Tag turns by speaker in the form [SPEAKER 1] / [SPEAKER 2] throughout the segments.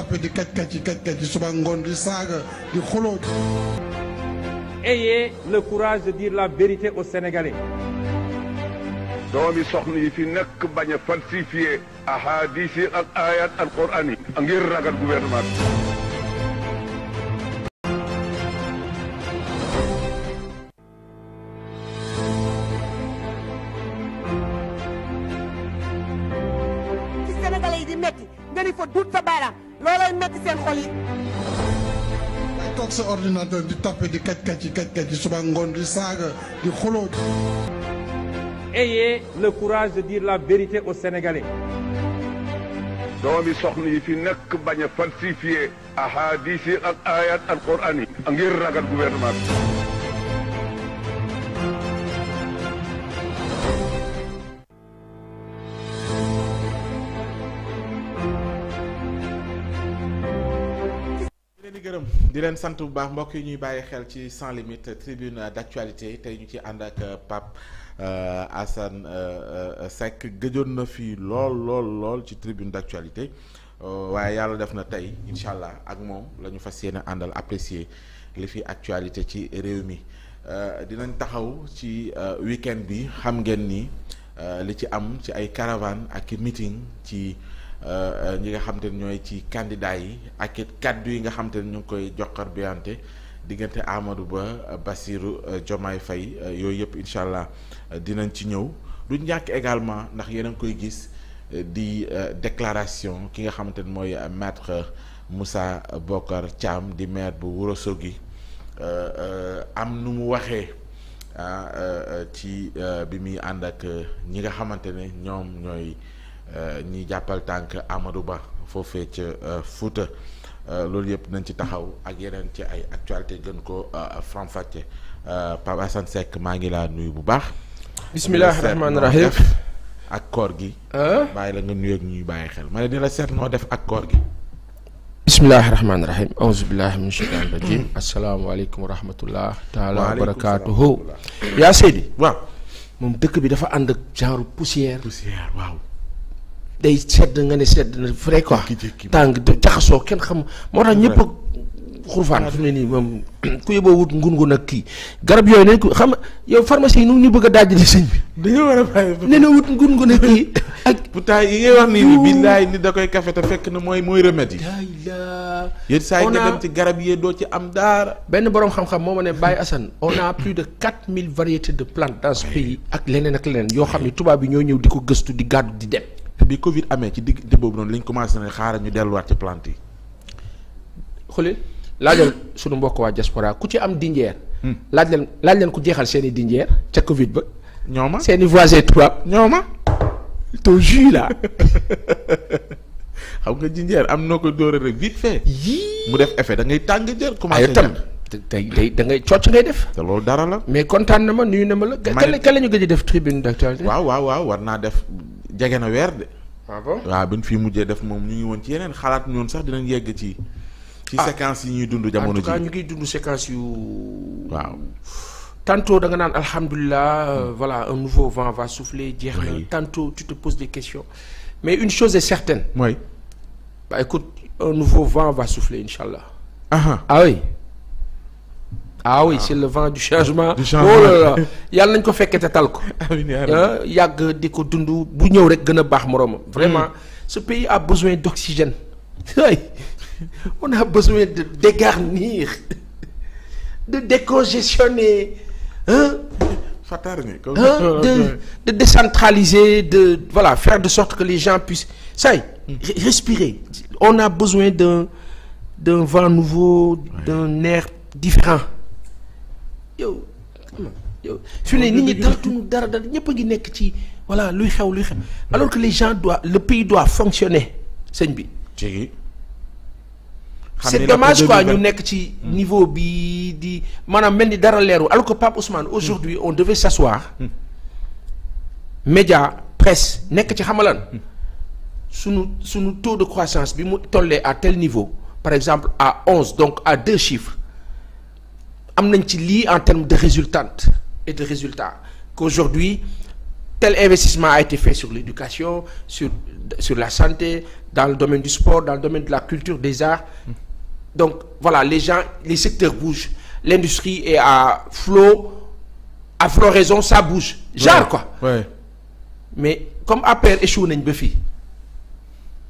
[SPEAKER 1] topp di kaj kaj yi kaj suba ngoon di saaga di xuloo. ayez le courage de la vérité aux Sénégalais. doomi soxna yi fi nekk bañ a falsifier ahadis yi ak ayat alquran yi ngir ragal gouvernement bi. seen
[SPEAKER 2] toog sa ordinateur di tapé di kaj kaj yi kaj kaj yi suba ngoon di saaga di xuloo.
[SPEAKER 1] ayez le courage de la vérité au Sénégalais. doomi soxna yi fi nekk bañ a falsifié ahadis yi ak ayat alquran yi. ngir ragal gouvernement bi.
[SPEAKER 2] di leen sant bu baax mbokk yi ñuy bàyyi xel ci sans limite tribune d'actualité tey ñu ci ànd ak euh, Pape euh, Assane euh, Seck gëjoon na fii lool lool lool ci tribune d'actualité waaye yàlla def na tey incha allah ak moom la ñu fas yéene àndal apprécier li fi actualité ci réew mi dinañ taxaw ci week-end bi xam ngeen ni li ci am ci ay caravane ak meeting ci. Euh, euh, ñi nga xam te ñooy ci candidat yi ak kàddu yi nga xam te ne ñu ngi koy joxar biyante diggante Amadou Ba Bassirou euh, Diomaye fay yooyu yëpp incha allah dinañ ci ñëw du ñàkk également ndax yéen a ngi koy gis di déclaration ki nga xamante ne mooy maître Moussa Bokar Thiam di maire bu Ourossogui am nu mu waxee ah, ci bi muy ànd ak ñi nga xamante ne ñoom ñooy. Euh, ñuy jàppal tànk Amadou Ba foofee ca euh, Fouta euh, loolu yëpp nañ ci taxaw ak yeneen ci ay actualité gën ko faram-fàcce Pape Assane Seck maa ngi laa nuyu bu baax.
[SPEAKER 1] bisimilah rahmaani rahim
[SPEAKER 2] ak koor gi. bàyyi la nga nuyu ak ñuy bàyyi xel ma ne di seet noo def ak koor gi.
[SPEAKER 1] bismillahi rahmaani rahim aousubillahi min shaitan rajim asalaamaaleykum wa rahmatullah taala wa barakatuhu yaa seydi waaw moom dëkk bi dafa ànd ak genre poussière poussière waaw day sedd nga ne sedd na vrai quoi tàng jaxasoo kenn xam moo tax ñëpp xurfaan fu ne nii moom ku yóbboo wut ngun-ngun ak kii garab yooyu nañ ko xam yow pharmacie yi nu ñu bëgg a daajale sëñ bi dañoo war a na wut ngun-ngun ak kii ak
[SPEAKER 2] pourtant yi ngay wax nii ni billaay ni da koy café te fekk na mooy mooy remède yi la yéen saa yi nga dem ci garab yee doo ci
[SPEAKER 1] am daara benn borom xam-xam moo ma ne Baye Assane on a plus de mille variété de plantes dans ce
[SPEAKER 2] ak leneen ak leneen yoo xam ne tubaab yi ñoo ñëw di ko gëstu di gàddu di dem te bi Covid amee ci diggante boobu noonu lañ commencé na xaaral ñu delluwaat ci plante yi.
[SPEAKER 1] xoolil laajal sunu mbokk waa diaspora ku ci am dinjeer. Hmm. laaj leen laaj leen ku jeexal seen i dinjeer ca Covid ba.
[SPEAKER 2] ñooma seen i voisins tubaab ñooma. te jus là xam nga jinjeer am noo ko dóore rek vite fait. yii mu def effet da ngay tàng jër. commencé ay te tey tey da ngay cocc ngay def. te loolu dara la. mais kontaan na ma nuyu na ma la. ma ne ka la ñu gëj a def tribune d'actualité. waaw waaw waaw war naa def. jege na weer de. Ah waaw bi ñu fi mujjee def moom ñu ngi woon ci yeneen xalaat ñoon sax dinañ yegg ci. ci ah. séquence yi ñuy dund jamono ji ñu
[SPEAKER 1] ngiy dund séquence yu. waaw. tantôt da nga naan alhamdulilah euh, hmm. voilà un nouveau vent va souffler jeex na oui. tantôt tu te poses des questions mais une chose est certaine. mooy. Oui. bah écoute un nouveau vent va souffler incha allah. ah, ah. ah oui c'est le vent du changement. du changement oh yàlla nañ ko fekkee te tal ko. Ah, yàgg di ko dund bu ñëw rek gën a baax moroomam. Hmm. vraiment ce pays a besoin d'oxygène. on a besoin de dégarnir de décongestionner de décentraliser de voilà faire de sorte que les gens puissent ça y est, hmm. respirer on a besoin d'un d'un vent nouveau d'un air différent yow yow su ne nit ñi talatuñu dara dara ñëpp a ngi nekk ci voilà luy xew luy xew mm. alors que les gens doivent le pays doit fonctionner sëñ bi. c'est dommage quoi ñu nekk ci niveau bi di maanaam mel ni dara leerul alors que Pape Ousmane mm. aujourd'hui on devait s'asseoir mm. média presse nekk ci xamalan sunu suñu taux de croissance bi mu tollee à tel niveau par exemple à onze donc à deux chiffres am nañ ci lii en termes de résultante et de résultat qu'aujourd'hui tel investissement a été fait sur l'éducation sur sur la santé dans le domaine du sport dans le domaine de la culture des arts donc voilà les gens les secteurs bougent l'industrie est à flot à floraison ça bouge genre ouais, mais comme APR échoué nañ ba fii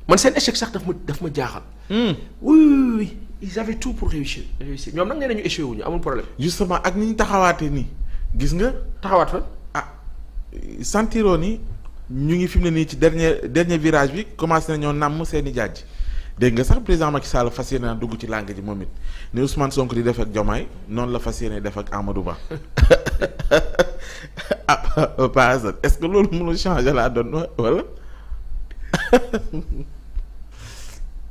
[SPEAKER 1] man seen échec sax daf ma daf ma jaaxal hmm. oui oui oui ils avaient tout pour réussir réussir
[SPEAKER 2] ñoom nag nee nañu échoué wuñu amul problème. justement ak ni ñu taxawaatee nii gis nga. taxawaat fa ah sentiroo ni ñu ngi fi mu ne nii ci dernier dernier virage bi commencé nañoo nàmm seen i jaaj dégg nga sax ma Macky Sall fas yéene na dugg ci langue ji moom it ni Ousmane Sonko di def ak Diomaye noonu la fas yéene def ak Amadou Ba ah Paa est-ce que loolu mënul changer la donne wala.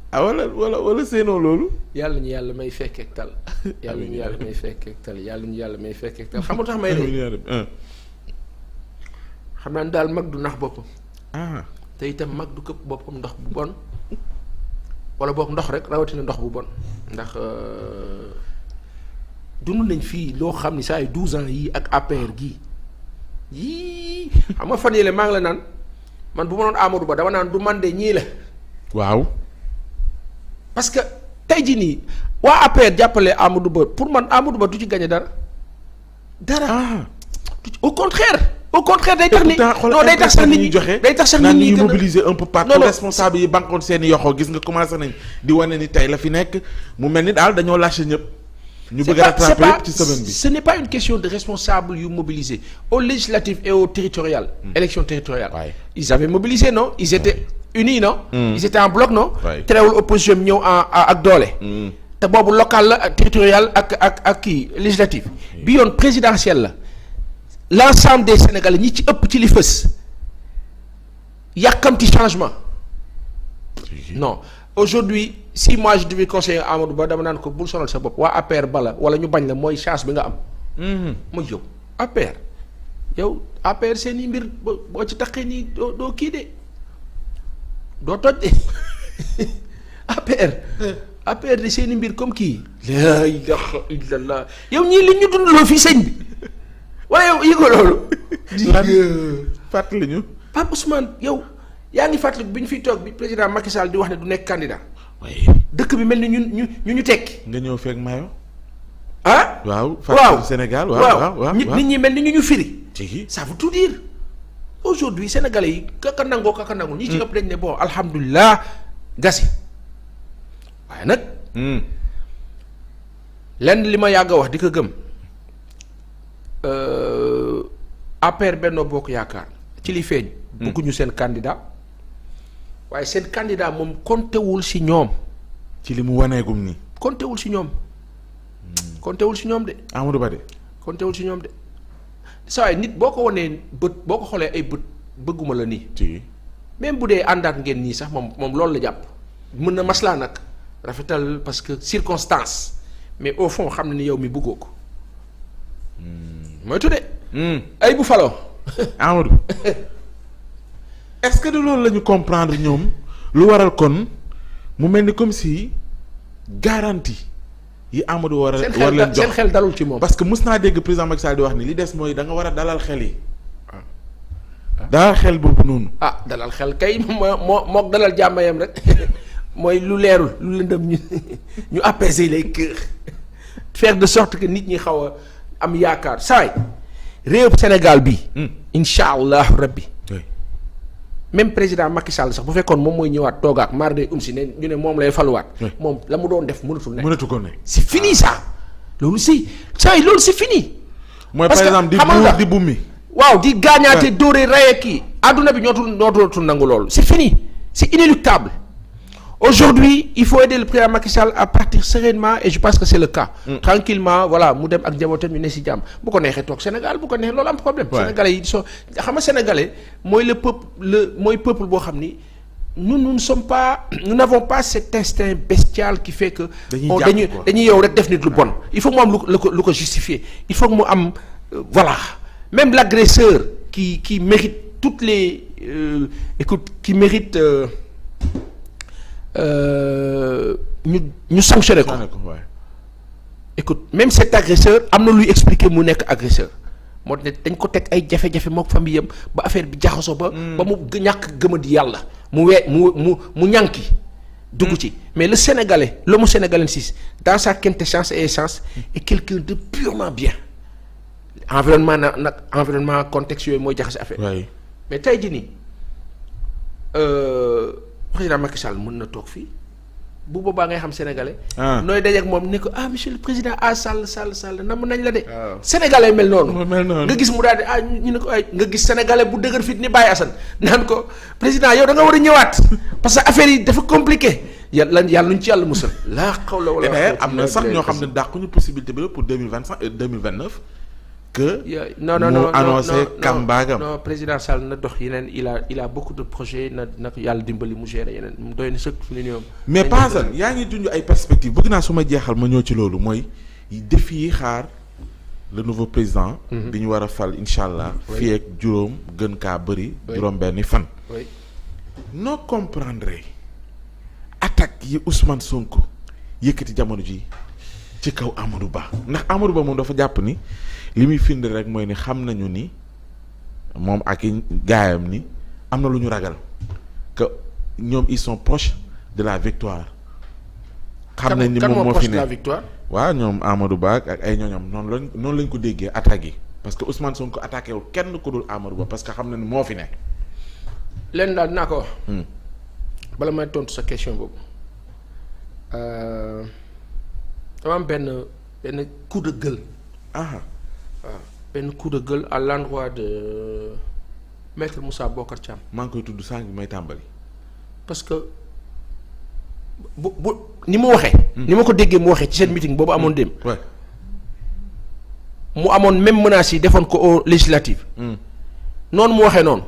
[SPEAKER 2] ah wala wala seenoo loolu. yàlla ñu yàlla may fekk ak tal.
[SPEAKER 1] yàlla ñu yàlla may fekk ak tal yàlla yàlla may fekk ak xam nga tax may de. Ah. xam naa ni daal mag du nax boppam. ah te itam mag du këpp boppam ndox bu bon. wala boog ndox rek rawatina ndox bu bon. ndax euh, dund nañ fii loo xam ni saa yu 12 ans yii ak APR gii yii xam nga fan yële maa ngi la naan man bu ma doon Amadou Ba dama naan du man de ñii la. waaw. parce que tey jii nii waa APR jàppale Amadou Ba pour man Amadou Ba du ci gagné dara dara ah. au contraire au contraire day tax ni non day tax sax nit ñi joxe day tax sax nit ñi mobiliser
[SPEAKER 2] un peu partout responsable yi bankoon seen i yoxoo gis commencé nañ di wane ni tey la fi nekk mu mel ni daal dañoo lâché ñëpp ñu bëgg a rattraper yëpp ci semaine bi ce n'est pas une question de responsable yu mobilisé aux législatives
[SPEAKER 1] et aux territoriales hmm. élections territoriales ils avaient mobilisé non ils unis non. Hmm. ils étaient en bloc non. terewul opposition bi ñëw en ak doole. Hmm. te boobu local la ak territorial ak ak ak kii législatif. Hmm. bi yoon présidentiel la l' ensemble des sénégalais ñi ci ëpp ci li fës yàkkamti changement. non aujourd'hui si moi je devais conseiller Amadou Ba dama naan ko bul sonal sa bopp waa APR bala wala ñu bañ la mooy chance bi nga am. mooy yow APR yow APR seen i mbir boo ci taqee nii doo doo kii de. doo toj de APR. APR di seen i mbir comme kii. laa ilaha illallah yow ñii li ñu dundaloo fii sëñ bi wala yow yi ko loolu. di fàttali ñu. Pape Ousmane yow yaa ngi fàttali bi ñu fi toog bi président Macky Sall di wax ne du nekk candidat. waaye dëkk bi mel ni ñu ñu ñu ñu tekki.
[SPEAKER 2] nga ñëw feeg mayo ah waaw fàttali Sénégal waaw waaw nit ñi
[SPEAKER 1] mel ni ñu ñu firi. ça veut tout dire. aujourd'hui sénégalais yi kaka nangoo kaka nangul ñi ci mm. ëpp dañ ne am alhamdulilah gasi waaye nag mm. lenn li ma yàgg a wax di ko gëm euh, APR Benno Bokk Yaakaar ci li feeñ mm. bëgguñu seen candidat waaye seen candidat moom kontewul si ñoom ci li mu waneegum nii kontewul si ñoom kontewul si ñoom de Amadou Ba de kontewul si ñoom de saa nit boo ko wonee bët boo ko xoolee ay bët bëgguma la nii. même bu dee àndaat ngeen nii sax moom moom loolu la jàpp. mën na maslaa nag rafetal parce que circonstance mais au
[SPEAKER 2] fond xam na ni yow mi bëggoo ko. Hmm. mooy tuddee. Hmm. ay bu faloo. Amadou est-ce que de loolu la ñu comprendre ñoom lu waral kon mu mel ni comme si garantie. yi Amadou war a war seen xel dalul ci moom. parce que mës naa dégg président Macky Sall di wax ni li des mooy da war a dalal xel yi. Ah. dalal xel boobu noonu. ah dalal xel kay moo moo moog dalal jàmmayam
[SPEAKER 1] rek mooy lu leerul lu lëndëm ñu ñu apaiser les cœurs de sort que nit ñi xaw a am yaakaar saay réew Sénégal bi. Hmm. incha allahu rabbi. même président Macky Sall sax bu fekkoon moom mooy ñëwaat toogaat maar day um ne ñu ne moom lay faluwaat. moom la mu doon def mënatul ne. mënatu ko ne c'est fini ça. loolu si saa yi loolu c'est fini. mooy par exemple di buur di bummi waaw di gaañaate dóore rayee kii. àdduna bi ñootul ñootul nangu loolu c'est fini c'est inéluctable. aujourd'hui il faut aider le président Macky Sall à partir sereinement et je pense que c'est le cas mm. tranquillement voilà mu dem ak njabootam ñu ne si jàmm bu ko neexee toog Sénégal bu ko neexee loolu am problème sénégalais yi so xam nga sénégalais mooy le peuple le mooy peuple boo xam ni nous nous ne sommes pas nous n'avons pas cet instinct bestial qui fait que dañuy dañuy yow rek def nit lu bon il faut mu am lu ko lu ko justifier il faut que mu am euh, voilà même l'agresseur qui qui mérite toutes les euh, écoute qui mérite euh, Euh, ñu ñu sanctionné ko écoute même cet agresseur am na luy expliquer mu nekk agresseur moo ne dañ ko teg ay jafe-jafe mook famille yam ba affaire bi jaxasoo ba mm. ba mu ñàkk gëmadi yàlla mu wee mu mu mu ñànki dugg mm. ci mais le sénégalais l'homme sénégalais sis dans sa chance et essence mm. est quelqu'un de purement bien environnement na nag environnement contexte yooyu mooy jaxase affaire mais tey jii nii euh, président Macky Sall mën na toog fii bu boobaa ngay xam sénégalais. Ah. nooy dajeeg moom ne ko ah monsieur le président ah Sall Sall Sall nam nañ la de. Ah. sénégalais mel noonu. nga gis mu daal di ah ñu ne ko ay nga gis sénégalais bu dëgër fit ni Baye Assane naan ko président yow da war a ñëwaat parce que affaire
[SPEAKER 2] yi dafa compliqué. yàlla yàlla nañ ci yàlla musal. laa xaw la wala eh am na sax ñoo xam ne dàquñu possibilité bi la pour que. non non non mu annoncé kambaagam. non
[SPEAKER 1] président Sall na dox yeneen il a il de projet na na yàlla dimbali mu gérer yeneen mu doy na sëkk fi ñu mais Pazal
[SPEAKER 2] yaa ngi junj ay perspectives bëgg naa su ma jeexal ma ñëw ci loolu mooy def xaar le nouveau président. bi mhm. ñu war a fal incha allah. fii ak juróom gën kaa bëri. juróom-benni fan. noo comprendre attaque yi Ousmane Sonko yëkkati jamono ji ci kaw Amadou Ba ndax amaru Ba moom dafa jàpp ni li muy find rek mooy ni xam nañu ni moom ak i gaayam ni am na lu ñu ragal que ñoom ils sont proches de la victoire.
[SPEAKER 1] xam nañ ni moom moo fi ne
[SPEAKER 2] waaw ñoom Amadou Ba ak ay ñooñam noonu lañ noonu lañ ko déggee attaques yi parce que Ousmane Sonko attaqué wul kenn ku dul Amadou Ba parce que xam na ni moo fi ne.
[SPEAKER 1] leen daal dinaa ko wax. Hmm. bala may tontu sa question boobu. Euh, dama am benn benn coup de gueule. ah waaw benn coup de gueule à l'endroit de
[SPEAKER 2] maître Moussa Bokar Thiam. maa ngi koy tudd sànq may tàmbali. parce que bu bu
[SPEAKER 1] ni mu waxee. Hmm. ni ma ko déggee mu waxee ci seen meeting boobu amoon hmm. démb. mu amoon même menace yi defoon ko au législative. Hmm. noonu mu waxee noonu.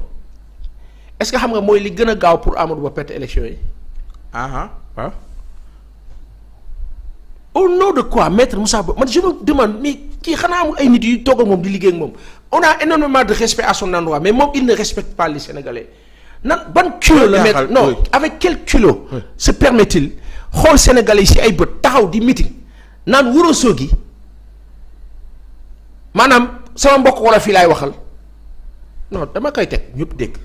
[SPEAKER 1] est-ce que xam nga mooy li gën a gaaw pour Amadou Ba perte élection yi. au nom de quoi maître Moussa Ba man je me mais kii xanaa amul ay nit yu toog moom di liggéey ak moom on a énormément de respect à son endroit mais moom il ne respecte pas les Sénégalais nan ban culot la maître non avec quel culot se permet-il xool Sénégalais yi si ay bët taxaw di meeting naan Ouro Sogui maanaam sama mbokk wala fii laay waxal non dama koy teg ñëpp dégg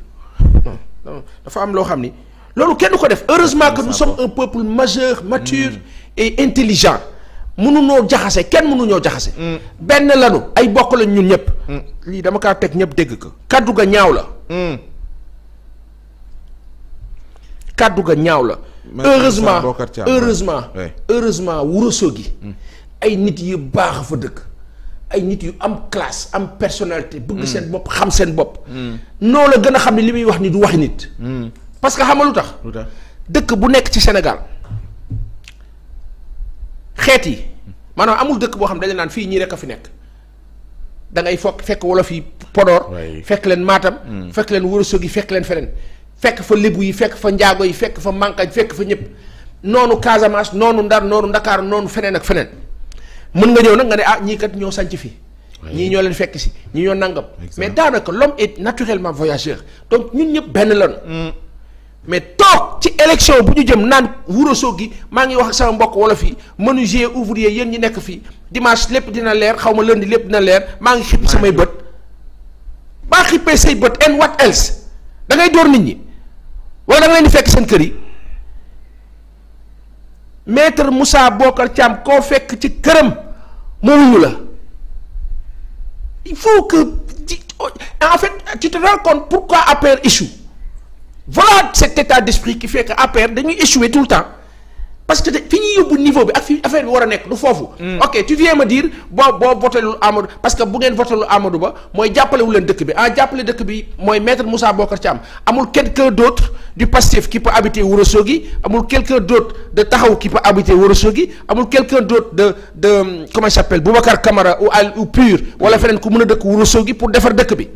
[SPEAKER 1] non dafa am loo xam ni loolu kenn ko def heureusement que nous sommes un peuple majeur et intelligent mënuñoo jaxase kenn mënuñoo jaxase. Mm. benn lanu ay bokk lañ ñun ñëpp. Mm. lii dama kaa teg ñëpp dégg ko. kàddu ga ñaaw la. Mm. kàddu ga ñaaw la. heureusement heureusement heureusement wuroso gi. ay nit yu baax fa dëkk. ay nit yu am classe am personnalité. bëgg seen bopp xam seen bopp. noo la gën a xam ne li muy wax ni du waxi nit. parce que xam nga lu tax. dëkk bu nekk ci Sénégal. xeet yi maanaam amul dëkk boo xam dañu naan fii ñii rek a fi nekk da ngay fokk fekk wolof yi podoor fekk leen maatam hmm. fekk leen Ourossogui yi fekk leen feneen. fekk fa lébu yi fekk fa njaago yi fekk fa Mankañ fekk fa ñëpp noonu Casamance noonu Ndar noonu ndakaar noonu feneen ak feneen mën nga ñëw nag nga ne ah ñii kat ñoo sanc fi ñii ñoo leen fekk si ñii ñoo nangam. mais daanaka l'homme et naturellement voyageur donc ñun ñëpp benn lañu. Hmm. mais toog ci election bu ñu jëm naan Wuro Sogi maa ngi wax ak sama mbokk wolof yi menuisier ouvrier yéen ñi nekk fii dimanche lépp dina leer xaw ma lundi lépp dina leer maa ngi xipp samay bët baa xippee say bët and what else door nit ñi wala da nga leen di fekk seen kër yi maître Moussa Bokar Thiam koo fekk ci këram moomuñu la il faut que en fait tu te rends compte pourquoi APR échoue voilà cet état d'esprit qui fait que dañuy échouer tout le temps parce que fi ñuy yóbbu niveau bi ak fi affaire bi war a nekk du foofu. Mm. ok tu viens me dire boo boo votelul Amadou parce que bu ngeen votelul Amadou Ba mooy jàppalewu leen dëkk bi ah jàppale dëkk bi mooy maître Moussa Bokar Thiam amul quelqu'un d'autre du Pastef qui peut habiter Ourossogui amul quelqu'un d'autre de Taxaw qui peut habiter Ourossogui amul quelqu'un d'autre de de comment il s'appelle Boubacar Camara ou al ou Pur wala mm. feneen ku mën a dëkk Ourossogui pour defar dëkk bi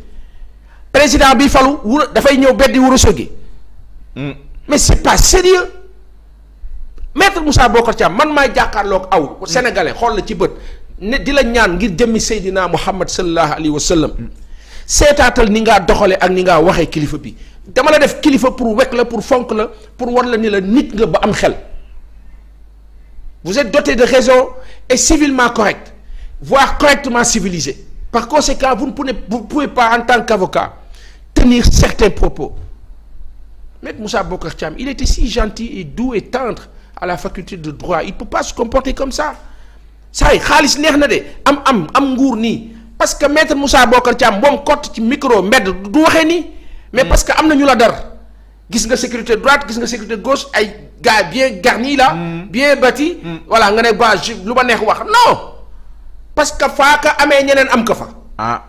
[SPEAKER 1] président bi falu wuro dafay ñëw beddi Ourossogui Hmm. mais c'est pas sérieux maître Moussa Bokar Thiam man maay jàkkaarloog aw hmm. sénégalais xool la ci bët ne di la ñaan ngir jëmmi Seydina Muhammad sallallahu alayhi wa sallam hmm. seetaatal ni nga doxalee ak ni nga waxee kilifa bi dama la def kilifa pour wekk la pour fonk la pour war la ni la nit nga ba am xel vous êtes doté de raison et civilement correct voire correctement civilisé par conséquent vous ne pouvez, vous ne pouvez pas en tant qu'avocat tenir certains propos Maître Moussa Bokar Thiam il était si gentil et doux et tendre à la faculté de droit il peut pas se comporter comme ça saa yi xaalis neex na de am am am nguur nii parce que Maître Moussa Bokar Thiam moom kott ci micro mbedd du waxee nii mais parce que am na ñu la dar gis nga sécurité droite gis nga sécurité gauche ay gars bien garnis là mm. bien bâti mm. voilà nga ne ba lu ma neex wax non parce que faaka amee ñeneen am ko fa ah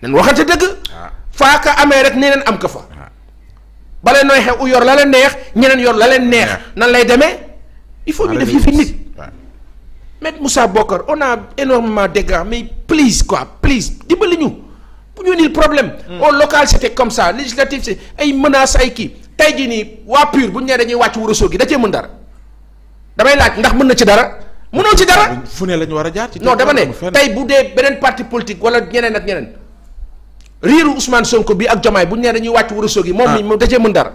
[SPEAKER 1] nañ waxante dëgg ah. faaka amee rek ñeneen am ko fa ba leen nooy xew u yor la leen neex ñeneen yor la leen neex nan lay demee il faut ñu def yi fi nit Maître Moussa Bokar on a énormément dégâts mais please quoi please dimbali ñu bu ñu indil problème o hmm. local c'était comme ça législatif c'est ay menaces say kii tey jii nii waa PUR bu ñu nee dañuy wàcc wu Rosso gi da cee mën dara damay laaj ndax mën na ci dara mënoo ci dara
[SPEAKER 2] fu ne lañu war a jaar
[SPEAKER 1] ci non dama ne tey bu dee beneen parti politique wala ñeneen ak ñeneen riiru Ousmane Sonko bi ak Jomaay bu ñu nee dañuy wàcc wërësoo gi. moom mi ah. dajee mën dara.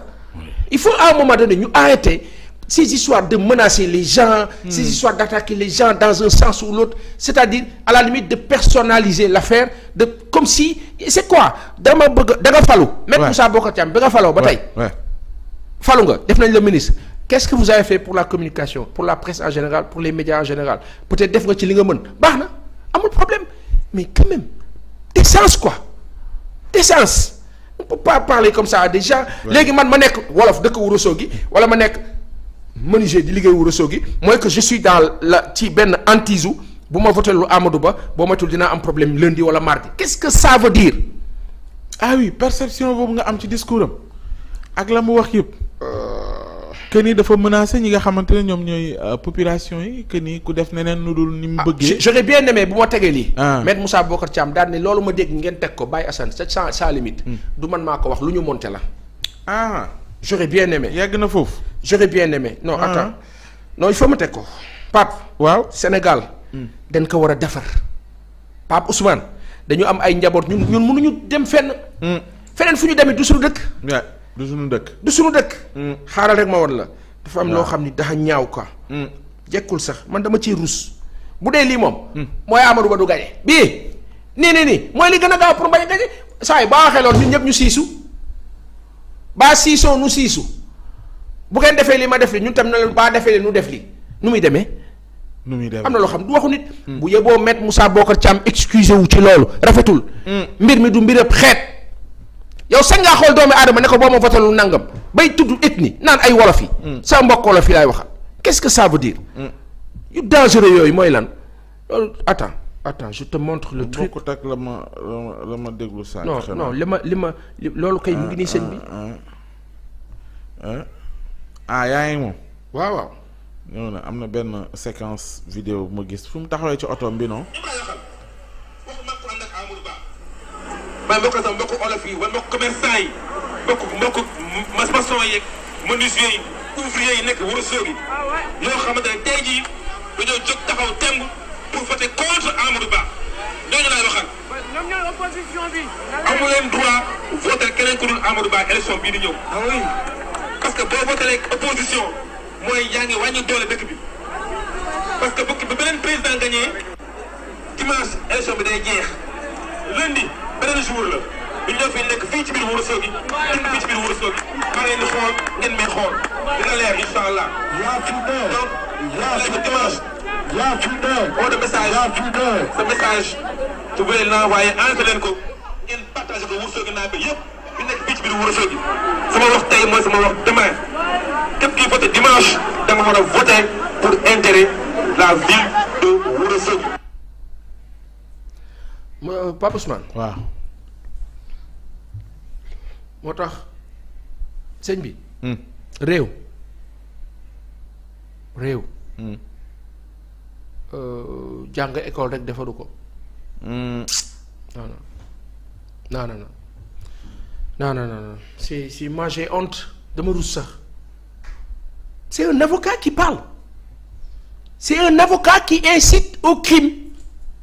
[SPEAKER 1] il faut un moment donné ñu arrêter ces histoires de menacer les gens. Hmm. ces histoires d'attaquer les gens dans un sens ou l'autre c'est-à-dire à la limite de personnaliser l'affaire de comme si c'est quoi dama bëgg da nga falu. waaw même Moussa Bocar Thiam bi nga faloo ba tey. falu nga def nañ la ministre. qu'est-ce que vous avez fait pour la communication pour la presse en général pour les médias en général nga ci li nga mën baax na amul problème quoi. décence on peut pas parler comme ça à léegi man ma nekk wolof dëkk Ourossogui wala ma nekk menuisier di liggéey Ourossogui mooy que je suis dans la ci benn antisou bu ma voté lu Amadou Ba boo matul dinaa am problème lundi wala mardi qu'est-ce que ça veut dire ah oui
[SPEAKER 2] perception boobu nga am ci discours am ak la mu wax yëpp euh, que ni dafa menacer ñi nga xamante ne ñoom ñooy euh, population yi que ni ku def neneen nu dul ni mu ah, bëggee. j'aurais
[SPEAKER 1] bien aimé bu ma tegee lii. Ah. maître Moussa Bocar Thiam daal loolu ma dégg ngeen teg ko Baye Assane c'est sans sans limite. Hmm. du man maa ko wax lu ñu monté la. ah. j'aurais bien aimé. yegg na foofu. j'aurais bien aimé. non ah. attends non il faut ma teg ko. Pape. waaw Sénégal. Hmm. dañ ko war a defar. Pape Ousmane dañu am ay njaboot ñun ñun mënuñu dem fenn. Hmm. feneen fu ñu demee du suñu dëkk. du suñu dëkk du suñu dëkk hmm. xaaral rek ma war la dafa am loo xam ni dafa ñaaw quoi hmm. jekkul sax man dama ciy ruus bu dee lii moom hmm. mooy Amadou Ba du gañe bii nii nii mooy li gën a gaaw pour bañ a gañe saa yi baa waxee loolu ñun ñëpp ñu siisu baa siisoo nu siisu bu ngeen defee lii ma def li ñun tam na leen baa defee li nu def li nu muy demee
[SPEAKER 2] nu muy demee am na loo
[SPEAKER 1] xam du waxu nit bu yeboo met Moussa Bocar Thiam excusé wu ci loolu rafetul mbir mi du mbir yëpp xeet yow sañ ngaa xool doomi aadama ne ko boo ma votalul nangam bay tudd ethnie naan ay wolof yi. Hmm. sa mbokk la fi laay waxal. qu'est-ce que ça veut dire. Hmm. yu dangereux yooyu mooy lan
[SPEAKER 2] loolu attends attends je te montre le truc bokkut ak la ma la ma déglu saa. non non li ma li ma
[SPEAKER 1] loolu kay mu ngi nii sëñ bi.
[SPEAKER 2] ah, ah, ah, ah yaa moom. waaw waaw. ñëw na am na benn séquence vidéo ma gis fu mu taxawee ci oto bi non.
[SPEAKER 1] maa mbokk sama mbokk olof yi wala mbokk commerçant yi mbokk mbokk maçon yeeg menuisier yi ouvrier yi nekk wërësoo yi ñoo xamante ne tey jii dañoo jóg taxaw temb pour voter contre Amadou Ba ñooñu laay waxal. ñoom ñooy opposition bi. amu leen droit voter keneen ku dul Amadou Ba élection bii di ñëw. Ah oui parce que boo voté rek opposition mooy yaa ngi wàññi doole dëkk bi parce que bu bu beneen président gagné dimanche élection bi day jeex lundi. beneen jour la ñu fi nekk
[SPEAKER 2] fii ci biir Ouro Sogui dëkk bi ci biir Ouro Sogui maa leen xool ngeen may xool dina leer incha allah. yaa fi dee donc yaa fi fi dee oo de message yaa fi dee sa message. su voulez l'envoyer envoyé leen ko ngeen partagé ko Ouro Sogui naa ba yëpp ñu nekk fii ci biir Ouro Sogui sama wax tey mooy sama wax demain képp kuy voté
[SPEAKER 1] dimanche da a voté pour intérêt la ville de Ouro moo tax sëñ bi. Hmm. réew réew. Hmm. Euh, jàng école rek defaru ko. Hmm. non non non non non non non si si moi j'ai honte dama rus sax c'est un avocat qui parle c'est un avocat qui incite au crime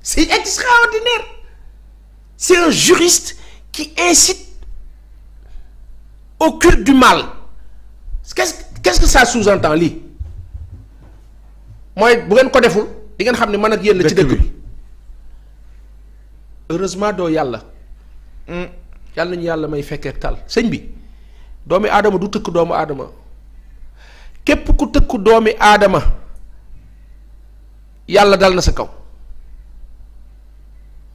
[SPEAKER 1] c'est extraordinaire c'est un juriste qui incite occulte du mal qu'est-ce qu'est-ce que ça sous-entend lii mooy bu ngeen ko deful di ngeen xam ne man ak yéen la ci dëkk bi heureusement doo yàlla hmm. yàlla nañu yàlla may fekkee tal sëñ bi doomi aadama du tëkk doomu aadama képp ku tëkk doomi aadama yàlla dal na sa kaw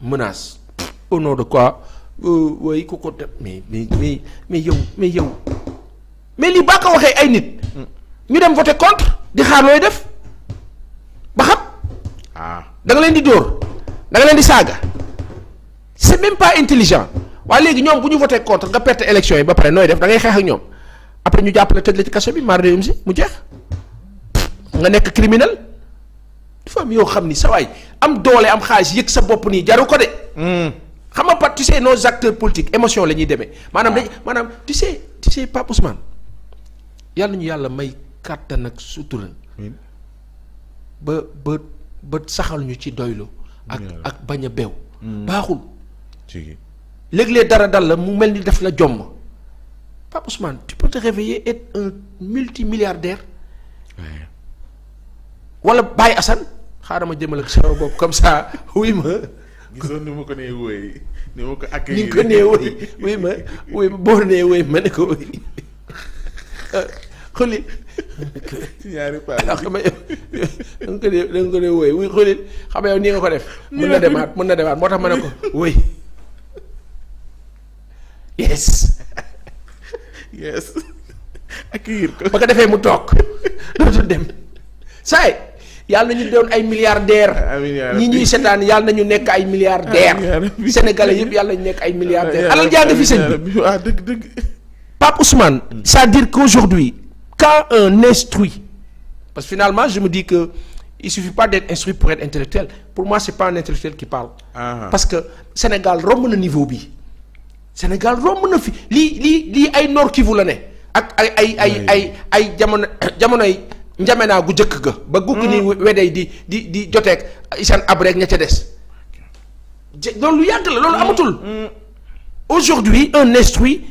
[SPEAKER 1] menace au nom de quoi waaye ko ko teb mais mais mais mais yow mais yow mais lii baa ko waxee ay nit. ñu dem voté contre di xaar looy def ba xam. ah leen di dóor da leen di saaga c'est même pas intelligent waaye léegi ñoom bu ñu voté contre nga perte élection yi ba pare nooy def da ngay xeex ak ñoom après ñu jàppale tëj la ci kaso bi maar réewum si mu jeex nga nekk criminel dafa am yoo xam ni sa waay am doole am xaalis yëg sa bopp nii jaru ko de. Hmm. xam nga pat tu sais nos acteurs politiques émotion la ñuy maanaam dañ maanaam tu sais tu sais Pape Ousmane yàlla ñu yàlla may kàttan ak sutura. ba ba ba saxal ci doylu ak ak bañ a beew. Hmm. baaxul. léeg dara dal mu mel ni def la jomm Pape Ousmane tu peux te réveiller être un multimilliardaire. wala Baye Assane xaaral ma jëmal ak sama bopp comme ça
[SPEAKER 2] wuy ma. gisoon ni ma ko nee wooy ni ma ko accueillir ni ko
[SPEAKER 1] nee ma wuy nee wooy ma ne ko wooy
[SPEAKER 2] ah, xulil
[SPEAKER 1] ñaari paa alors ma yow da nii nga ko def mun na demaat mun na demaat moo tax ma ne ko wooy yes yes accueillir ko ba ko defee mu toog dootul dem saay yàlla nañu doon ay milliardaire ñi ñuy setaan yàlla nañu nekk ay milliardaire sénégalais yëpp yàlla nañu nekk ay milliardaire alal jaa nga fi sëñ bi waaw ah, dëgg dëgg Pape Ousmane c'est-à-dire qu'aujourd'hui quand un instruit parce que finalement je me dis que il suffit pas d'être instruit pour être intellectuel pour moi c'est pas un intellectuel qui parle ah, ah. parce que Sénégal romb na niveau bi Sénégal romb na fi lii lii lii ay Nord Kivu la ne ak ay ay ay ay ay jamono jamonoy njamenaa gu jëkk ga ba gukk ni mm. wedey di di di joteeg isan ab rek ña ca des loolu lu yàgg la loolu mm. amatul mm. aujourd'hui un esprit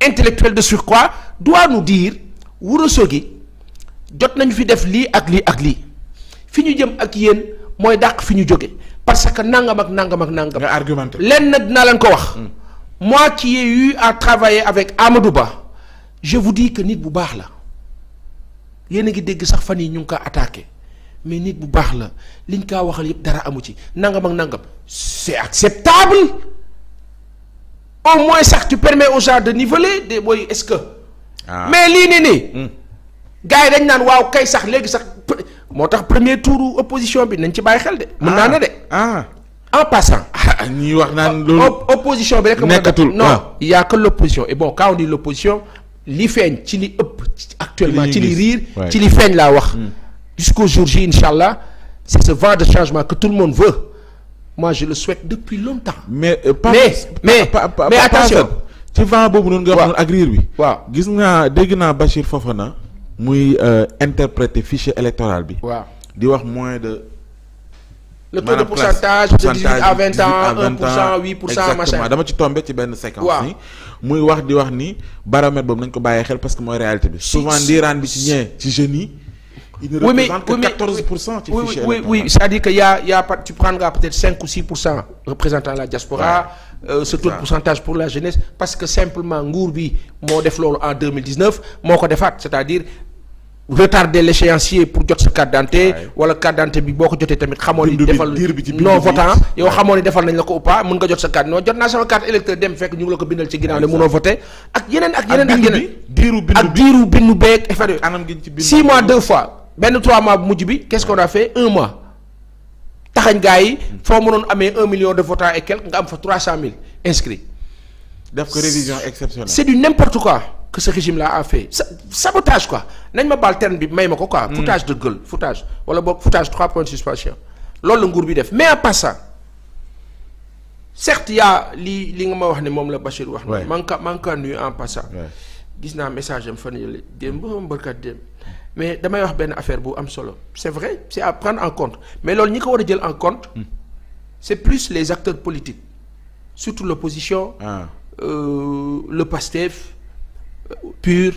[SPEAKER 1] intellectuel de surcroît doit diir dire Ourossogui jot nañu fi def lii ak lii ak lii fi ñu jëm ak yéen mooy dàq fi ñu jóge parce que nangam ak nangam ak nangam. nga argumenté lenn dinaa leen ko wax. moi qui ai à travailler avec Amadou Ba je vous di que nit bu baax la. yéen a ngi dégg sax fan yi ñu ngi ko attaqué mais nit bu baax la liñ kaa waxal yëpp dara amu ci nangam ak nangam c'est acceptable au moins sax ci permets aux gens de niveler de booy est-ce que. Ah. mais lii nii nii. Hmm. gars yi dañ naan waaw kay sax léegi sax moo tax premier tour opposition bi nañ ci bàyyi xel de. mën naa ah. ne de. Ah. en passant. ñuy wax naan loolu opposition bi rek. nekkatul non y a que l'opposition et bon quand on dit l'opposition li feeñ ci li ëpp actuellement ci li riir ci li feeñ laa wax mm. jusqu'au jour J incha allah c'est ce vent de changement que tout le monde
[SPEAKER 2] veut moi je le souhaite depuis longtemps mais euh, mais mais attention ci vent boobu noonu nga wax noonu ak riir bi waaw gis nga dégg naa Bachir na muy euh, interpréter fichier électoral bi waa di wax moins de le taux de pourcentage de 18 à 20 ans 1 pour cent 8 pour cent dama ci tombé ci benn séquence ni muy wax di wax ni baromètre boobu nañ ko bàyyi xel parce que mooy réalité bi souvent ndiiraan bi ci ñee ci jeunes yi il ci fichier oui
[SPEAKER 1] peut-être 5 ou 6 pour cent représentant la diaspora euh, ce taux de pourcentage pour la jeunesse parce que simplement nguur bi moo def loolu en 2019 moo ko defaat c'est-à-dire retarder l'échéancier pour jot sa carte d'identité wala carte d'identité bi boo ko jotee tamit xamoo ni defal non votant yow xamoo ni defal nañ la ko ou pas mën nga jot sa carte non jot naa sama carte électeur dem fekk ñu ngi la ko bindal ci ginnaaw ne mënoo voté ak yeneen ak yeneen ak yeneen diiru bindu ak diiru bindu beeg effet yooyu anam gi ci bindu benn trois mois bu mujj bi qu'est-ce qu'on a fait un mois taxañ gars yi foo mënoon amee un million de votants et quelques nga am fa que ce régime-là a fait sa sabotage quoi nañ ma baal terme bi may ma ko quoi. Hmm. foutage de gueule foutage wala boog foutage trois points de suspension loolu la nguur bi def mais en passant certes yaa li li nga ma wax ne moom la Bachir wax. waay man ka man nuyu en passant. gis naa message am fan yële démb mbërkat démb mais damay wax benn affaire bu am solo c'est vrai c'est à prendre en compte mais loolu ñi ko war a jël en compte. Hmm. c'est plus les acteurs politiques surtout l'opposition. Ah. Euh, le PASTEF. PUR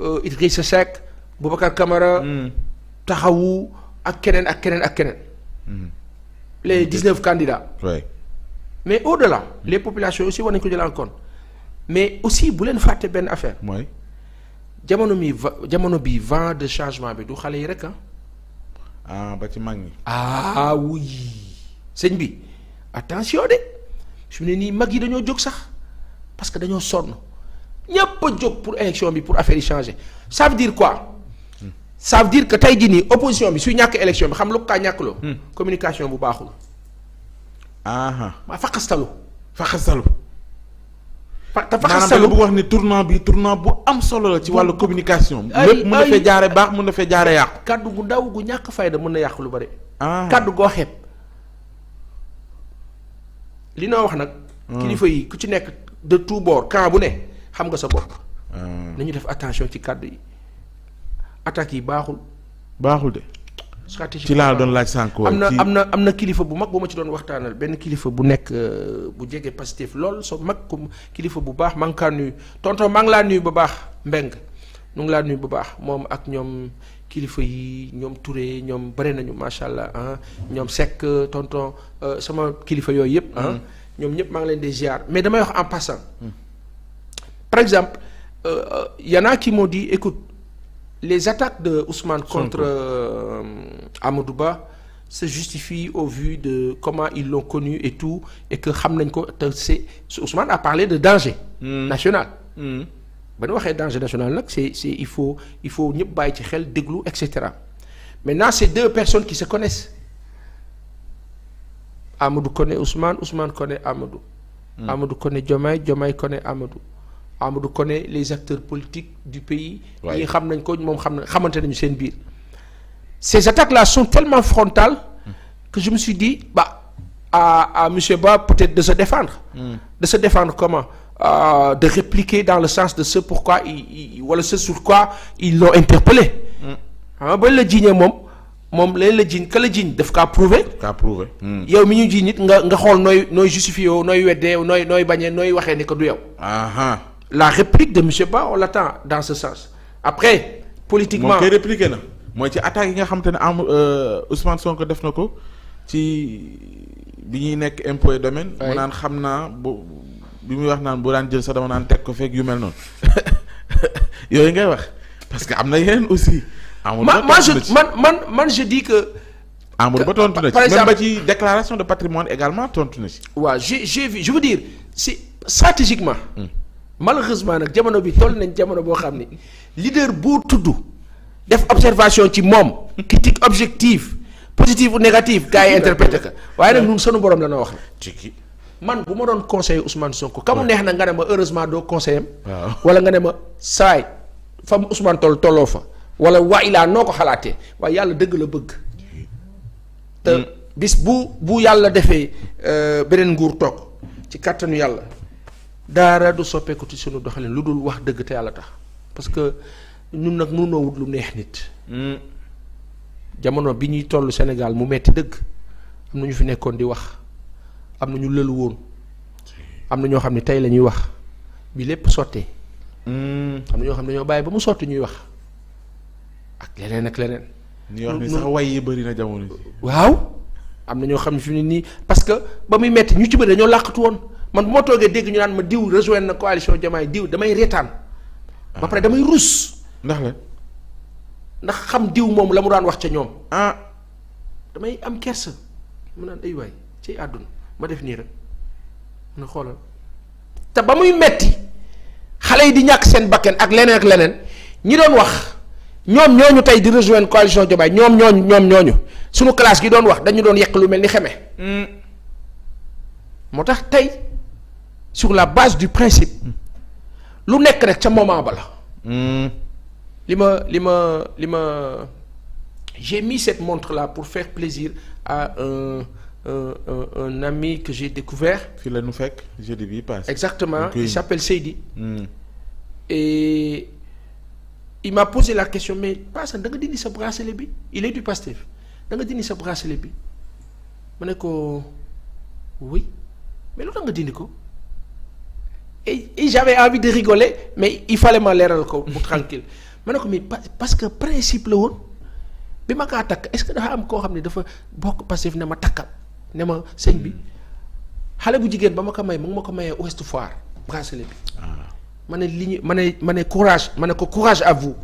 [SPEAKER 1] euh, Idrissa Seck Boubacar kamara hmm. taxawu ak keneen ak keneen ak keneen. Hmm. les hmm. dix neuf candidats. mais au delà les populations aussi war nañu ko jël en compte mais aussi bu leen fàtte benn affaire. mooy jamono mi jamono bi vent de changement bi du xale yi rek ah. ah ba ci mag ñi. ah oui sëñ bi attention de su ne nii mag yi dañoo jóg sax parce que dañoo sonn. yépp a jóg pour élection bi pour affaire yi changer ça quoi ça veut que tey jii nii opposition bi su ñàkk élection bi xam lu ko kaa ñàkkloo hmm. communication bu baaxul
[SPEAKER 2] aa waa faqastalu faqastalu te wax ni tournant bi tournant bu am ci wàllu communication lépp jaare baax mën na fee jaare yàqu
[SPEAKER 1] kaddu gu gu ñàkk fayda mën na yàq bari ah. kaddu goo xeeb li noo wax nag hmm. kilifa ku ci nekk de tout bord camp bu ne xam nga sa bopp. Ah. nañu def attention ci kàddu yi attaques yi baaxul. baaxul de. stratégie ci laa doon laaj sànq. am na am na am na kilifa bu mag bu ma ci doon waxtaanal benn kilifa bu nekk euh, bu jege Pastef lool so mag ko kilifa bu baax maa ngi kaa tonton maa ngi laa nuyu bu baax mbeng nu laa nuyu bu baax moom ak ñoom kilifa yi ñoom Touré ñoom bëri nañu macha allah ah ñoom Seck tonton euh, sama kilifa yooyu yëpp. Ah. Mm. ñoom ñëpp maa ngi leen di ziar mais damay wax en passant. Mm. par exemple euh, euh, y en a qui écoute les attaques de Ousmane contre euh, Amadou Ba se justifient au vu de comment ils l'ont connu et tout et que xam nañ ko te c'est a parlé de danger mm. national hmm. ba ñu waxee danger national nag c'est c'est il faut il faut ñëpp bàyyi ci xel déglu et cetera maintenant c'est deux personnes qui se connaissent Amadou connaît Ousmane Ousmane connaît Amadou. Mm. Amadou connaît Diomaye Diomaye connaît Amadou. du connaît les acteurs politiques du pays. ñi xam nañ ko moom xam na xamante nañu seen biir. ces attaques là sont tellement frontales. Mm. que je me suis dit bah à monsieur Ba peut-être da sa défendre. Mm. de défendre comment euh, de répliquer dans le sens de ce pourquoi il wala ce sur quoi ils l'ont interpellé. xam mm. nga ah, la jiiñee moom moom léegi la jiiñ ka la jiiñ daf kaa prouver. Mm. yow mi ñu jiiñ nit nga nga xool nooy nooy justifié woo nooy weddee nooy nooy bañee nooy waxee ni ko du yow.
[SPEAKER 2] la réplique de monsieur Ba on l'attend dans ce sens après. politiquement moom kay répliqué na mooy ci attaque yi nga xamante ne am euh, Ousmane Sonko def na ko ci bi ñuy nekk impôt et domaine. mu naan xam naa bu bi muy wax naan bu daan jël sax dama naan teg ko feeg yu mel noonu yooyu ngay wax parce que am na yeneen aussi. amul man man man man man je que. amul ba tontu na ci même ba ci déclaration de patrimoine également tontu na ci. waaw je je je veux dire si stratégiquement. Hmm.
[SPEAKER 1] malheureusement nag jamono bi toll nañ jamono boo xam ni leader boo tudd def observation ci moom critique objective positive u négative gars yi interprété ko waaye nag ñun sunu borom la noo wax la man bu ma doon conseiller Ousmane Sonko ko mu neex na nga ne ma heureusement doo conseiller am wala nga ne ma saay fa mu Ousmane toll tolloo fa wala waa ilaa noo ko xalaatee waaye yàlla dëgg la bëgg te mm. bis bu bu yàlla defee euh, beneen nguur toog ci kàttanu yàlla daara du soppeekut yi sunu doxalin lu dul wax dëgg te yàlla tax parce que ñun nag mënoo wut lu neex nit. Hmm. jamono bi ñuy toll Sénégal mu metti dëgg am na ñu fi nekkoon di wax am na ñu am na ñoo xam ne tey la ñuy wax bi lépp sottee. Hmm. am na ñoo xam ne dañoo bàyyi ba mu sotti ñuy wax ak leneen ak leneen. ñuy wax ni sax
[SPEAKER 2] way bari na jamono
[SPEAKER 1] waaw am na ñoo xam ne fi mu ne nii parce que ba muy metti ñu ci bëri dañoo làqatu woon. man bu ma toogee dégg ñu naan ma diw rejoindre na coalition jamaay diw damay reetaan ba pare damay ruus. ndax la ndax xam diw moom la mu daan wax ca ñoom. ah damay am kersa mu naan ay waay ci àdduna ma def nii rek mun a xoolal te ba muy metti xale yi di ñàkk seen bakken ak leneen ak leneen ñi doon wax. ñoom ñooñu tey di rejoindre coalition Diomaye ñoom ñooñu ñoom ñooñu suñu classe gi doon wax dañu doon yekk lu mel ni xeme hmm. moo tax tey sur la base du principe lu nekk rek ca moment ba la. Hmm. li ma li ma li ma j'ai mis cette montre la pour faire plaisir à un un un, un ami que j'ai découvert. la ñu fekk jeudi bi passé. exactement okay. il s'appelle Seydi. Mm. et il m'a posé la question mais Paasan da nga dindi sa bracelet bi il est du Pastef da nga dindi sa bracelet bi ma ne ko oui mais lu tax dindi ko. et, et j'avais envie de rigoler mais i fallait leeral ko mu tranquille ma ne ko mii parce que principe la woon bi ma kaa takk est-ce que dafa am koo xam ne dafa bokk Pastef ne ma takkal ne ma sëñ bi xale bu jigéen ba ma ko may mu ngi ma ko mayee Ouest Foire bracelet bi ah. ma ne li ñu ma ne ma ne courage ma ne ko courage à vous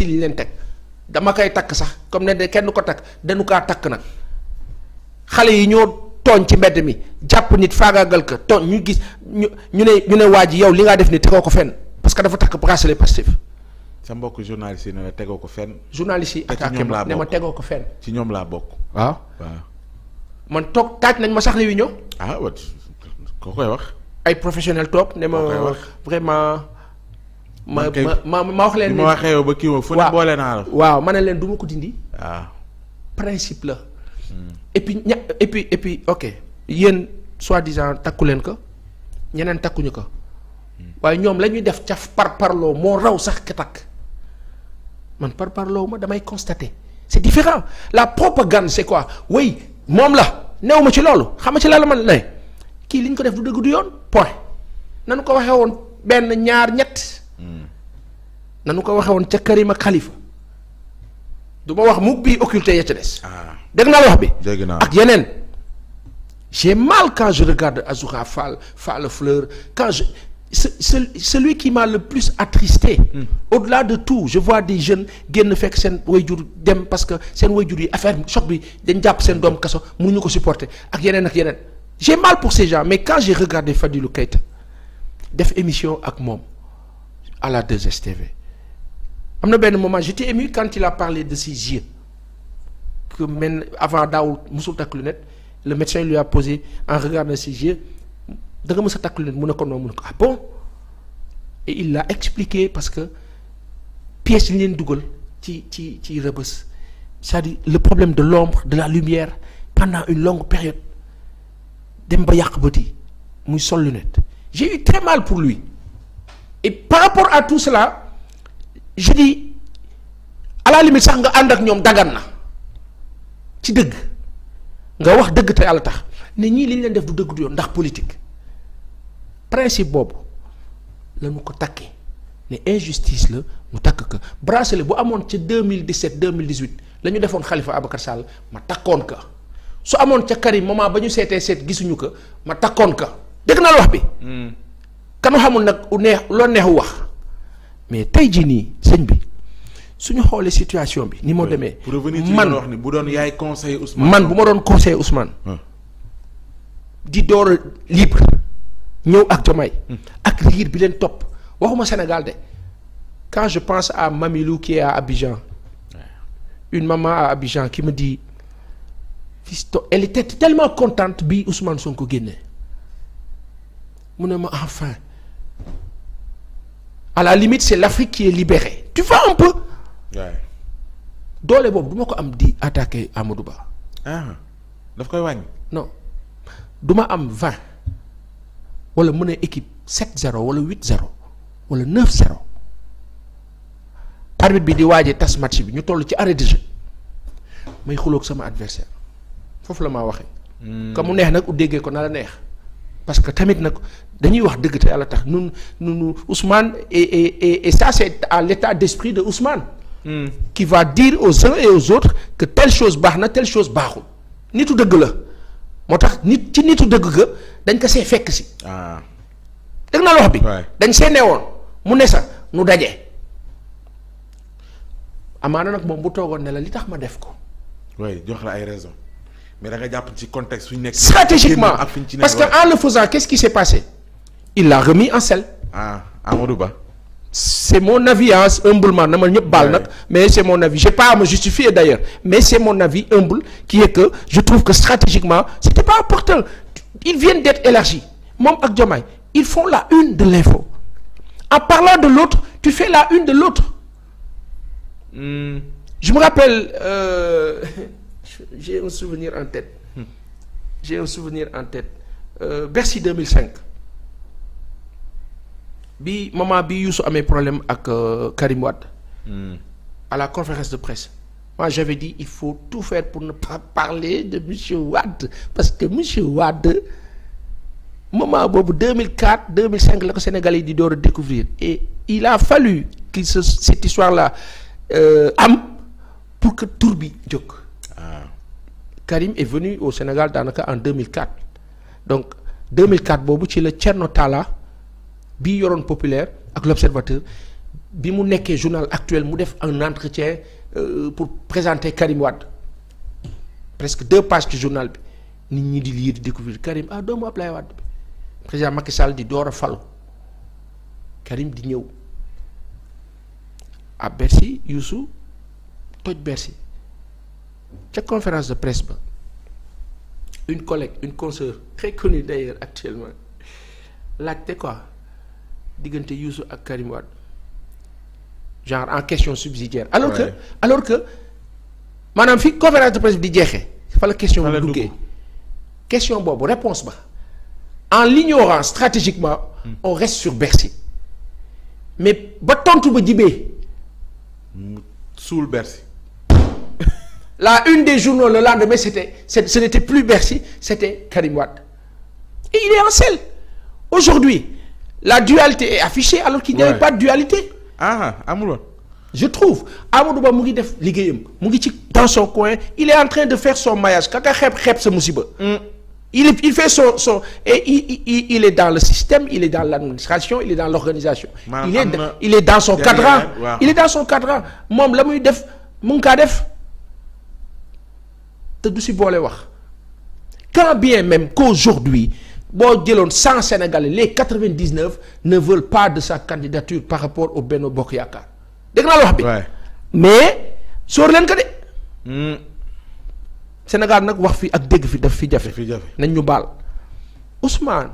[SPEAKER 1] li leen teg dama koy takk sax comme ne de kenn ko takk dañu kaa takk nag xale yi ñoo tooñ ci mbedd mi jàpp nit faagaagal ko tooñ ñu gis ñu ñu ne ñu ne waa ji yow li ngaa def
[SPEAKER 2] ni tegoo ko fenn parce que dafa takk bracelet Pastef. sa mbokk journaliste yi ne la tegoo ko fenn. journaliste yi attaqué ma ne ma tegoo ko fenn. ci ñoom laa bokk. waaw ah. waaw. man toog
[SPEAKER 1] taaj nañ ma sax réunion.
[SPEAKER 2] ah wat koo koy wax.
[SPEAKER 1] ay professionnel toog ne ma vraiment. ma ma ma wax leen. ni ma
[SPEAKER 2] ba kii ma fu ne naa waaw
[SPEAKER 1] ma ne leen du ma ko dindi. waaw ah. principe la. et puis ña et puis et puis ok yéen soi-disant takku leen ko ñeneen takkuñu ko waaye ñoom la ñuy def ca par parloo moo raw sax ka takk man par parloo ma damay constater c'est différent la propagande c'est quoi oui moom la new ma ci loolu xam nga ci la la man ne kii li ko def du dëgg du yoon point nanu ko waxee woon benn ñaar ñett nanu ko waxee woon ca Karim ak Khalifa du ma wax mu bii occulté ya ca des. Ah. dégg naa la wax bi. dégg naa ak yeneen. j'ai mal quand je regarde Azoura Fall Fall Fleur quand je ce celui qui m'a le plus attristé. Hmm. au-delà de tout je vois des jeunes génn fekk seen wayjur dem parce que seen wayjur yi affaire choc bi dañ jàpp seen doom kaso mënuñu ko supporter ak yeneen ak yeneen. j'ai mal pour ces gens mais quand j'ai regardé Fadilou Keita def émission ak moom à la 2STV am na benn moment j'étais ému quand il a parlé de ses yeux. que mel avant daaw musul takk lunette le médecin lui a posé en regardant ses yeux da nga mës a takk lunette mun ne ko non mu ne ko ah bon il l'a expliqué parce que pièce yi leen dugal ci ci ci rëbës cest à le problème de l'ombre de la lumière pendant une longue période dem ba yàq bët yi muy sol lunette j'ai eu très mal pour lui et par rapport à tout cela je dis à la sax nga ànd ak ñoom dagan na ci dëgg nga wax dëgg te yàlla tax ne ñii li ñu leen def du dëgg yoon ndax politique principe boobu lañu ko takkee ne injustice la mu takk ko bracelet bu amoon ca deux mille 2017 2018 la ñu defoon Khalifa Abacar Sall ma takkoon ka su amoon ca Karim moment ba ñu seetee seet gisuñu ko ma takkoon ko dégg naa wax bi. Hmm. kana xamul nag u neex loo neexu wax mais tey jii nii sëñ bi. suñu xoolee situation bi ni moo demee. pour revenir ci man wax
[SPEAKER 2] ni bu doon yaay conseiller Ousmane. man bu ma
[SPEAKER 1] doon conseiller Ousmane. di door libre ñëw ak Diomaye. Hmm. ak riir bi leen topp waxuma Sénégal de quand je pense à Mamilou qui est à Abidjan une maman à Abidjan qui me dit fiston elle était tellement contente bi Ousmane Sonko génnee mu ne ma enfin à la limite c'est l'Afrique qui est libérée tu vois un peu. doole boobu du ma ko am di attaqué Amadou Ba. Ah, daf koy wàññi. non du am vingt wala mu ne équipe sept zéro wala huit zéro wala neuf zéro arbitre bi di waaje tas match bi ñu toll ci arrêt de jeu may xuloog sama adversaire foofu la maa waxee. Hmm. ka mu neex nag u déggee ko na la neex. parce que tamit nag dañuy wax dëgg te yàlla tax nun nun Ousmane et et et ça c'est à l'état d'esprit de Ousmane. Mm. qui va dire aux uns et aux autres que telle chose baax na telle chose baaxul. nitu dëgg la moo tax nit ci nitu dëgg ga dañ ko see fekk si. waaw ah. dégg naa wax bi. dañ see newoon mu ne sa nu daje. amaana nag moom bu toogoon ne la li tax ma def ko.
[SPEAKER 2] oui jox la ay raison mais da nga jàpp ci contexte fi ñu nekk. stratégiquement parce que en
[SPEAKER 1] le faisant qu'est-ce qui s'est passé. il l'a remis en selle. ah Amadou Ba. c'est mon avis ah humblement na ma ñëpp baal nag mais c'est mon avis j'ai pas à me justifier d'ailleurs mais c'est mon avis humble qui est que je trouve que stratégiquement c'était pas opportun ils viennent d'être élargis moom ak Diomaye ils font la une de l'info en parlant de l'autre tu fais la une de l'autre mm. je me rappelle euh, j'ai un souvenir en tête hmm. j'ai un souvenir en tête euh, Bercy bi moment bi Youssou amee problème ak euh, Karim Wade. Hmm. à la conférence de presse. moi j'avais dit il faut tout faire pour ne pas parler de monsieur Wade parce que monsieur Wade moment boobu 2004 la ko Sénégalais yi di door a découvrir et il a fallu que ce cette histoire là euh, am pour que tour bi jóg. Ah. Karim est venu au Sénégal daanaka en 2004 donc 2004 boobu ci la Thierno Talla. bii yoroon populaire ak l'observateur bi mu nekkee journal actuel mu def un entretien euh, pour présenter Karim Wade presque deux pages ci journal bi nit ñi di lire di découvrir Karim ah doomu Ablaye Wade bi président Macky Sall di door a falu Karim di ñëw à Bercy Youssou toj Bercy ca conférence de presse ba une collègue une consoeur très connue d'ailleurs actuellement laajte quoi diggante Youssou ak Karim genre en question subsidiaire alors que alors que maanaam fi conférence de bi di jeexee fa la question bu duggee question boobu réponse ba en l'ignorant stratégiquement hmm. on reste sur Bercy mais ba tontu ba jibee
[SPEAKER 2] suul Bercy
[SPEAKER 1] la une des journaux le lendemain c'était ce n'était plus Bercy c'était Karim il est en selle aujourd'hui la dualité est affichée alors qu'il n'y avait pas de dualité. ah amul je trouve Amadou Ba mu ngi def liggéeyam mu ngi ci dans son coin il est en train de faire son maillage kaka xeeb xeeb sa musiba. Mm. il est il fait son son et il, est dans le système il est dans l'administration il est dans l'organisation. il est il est dans son cadran il est dans son cadran moom la muy def mu ngi kaa def te du si boole wax quand bien même qu'aujourd'hui boo jëloon cent sénégal les quatre vingt dix neuf ne veulent pas de sa candidature par rapport au Benno Bokk Yaakaar dégg naa la wax bi. mais sóor leen ko de. Hmm. Sénégal nag wax fii ak dégg fi daf fi jafe. nañ ñu baal Ousmane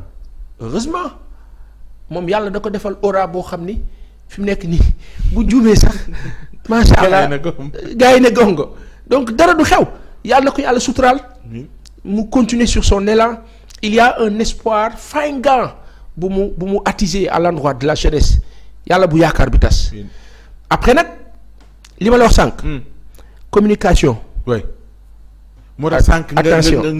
[SPEAKER 1] heureusement moom yàlla da ko defal aura boo xam ni fi mu nekk nii bu juumee sax. macha allah gars yi ne gongo donc dara du xew yàlla na ko yàlla suturaal. mu continuer sur son élan. il y a un espoir fringant bu mu bu mu attisé à l'endroit de la jeunesse yàlla bu yaakaar bi tas. après nag li ma la wax sànq. Hmm. communication. oui moo tax sànq. nga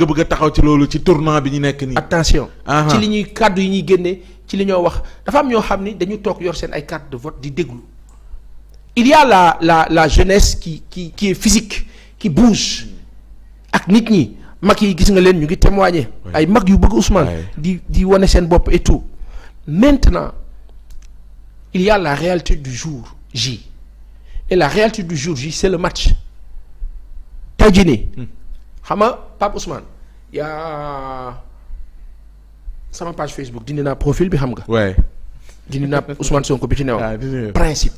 [SPEAKER 1] bëgg a taxaw ci loolu ci tournant bi ñu nekk nii. attention ci li ñuy kàddu yi ñuy génnee ci li ñoo wax dafa am ñoo xam ni dañu toog yor seen ay carte de vote di déglu il y la la la jeunesse qui qui qui est physique qui bouge hmm. ak nit ñi. mag yi gis nga leen ñu ngi témoigner ay mag yu bëgg Ousmane di di wane seen bopp et tout maintenant il y la réalité du jour ji et la réalité du jour J c'est le match tey jii nii hmm. xam nga Pape Ousmane yaa sama page Facebook dindi naa profil bi xam nga. waay dindi naa Ousmane Sonko bi ci newoon. Ah, principe.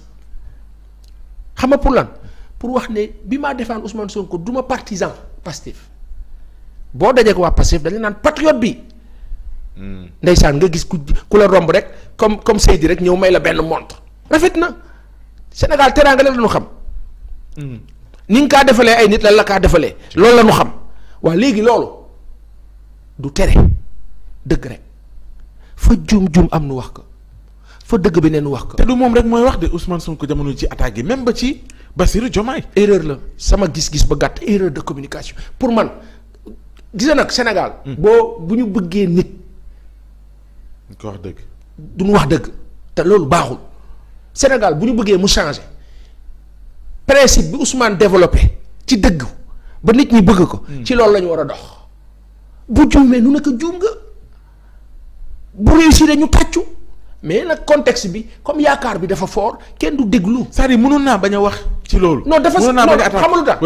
[SPEAKER 1] xam nga pour lan pour wax ne bi maa defaan usman Sonko du ma partisan Pastef. boo dajeek waa Pastef dañu naan patriote bi. Hmm. ndeysaan nga gis ku ku la romb rek comme comme Seydi rek ñëw may la benn montre. rafet na Sénégal teraanga la ñu xam. Hmm. ni nga kaa defalee ay nit la la kaa defalee. loolu la ñu xam waa léegi loolu
[SPEAKER 2] du tere dëgg rek fa juum juum am nu wax ko fa dëgg bi neen wax ko. te du moom rek mooy wax de Ousmane Sonko jamono ci attaque yi même ba ci Bassirou Diomaye. erreur
[SPEAKER 1] la sama gis-gis ba gàtt erreur de communication pour man. gis nag Sénégal. Hmm. boo bu ñu bëggee nit. ko wax dëgg. duñu wax dëgg te loolu baaxul Sénégal bu ñu bëggee mu changé principe bi Ousmane développé ci dëgg ba nit ñi bëgg ko. Hmm. ci loolu lañu war a dox. bu juumee nu naka juum nga bu réussir ñu tàccu mais nag contexte bi comme yaakaar bi dafa fort kenn du déglu. c'est-à-dire mënoon naa bañ a wax ci loolu. noo naa bañ a attaqué non dafa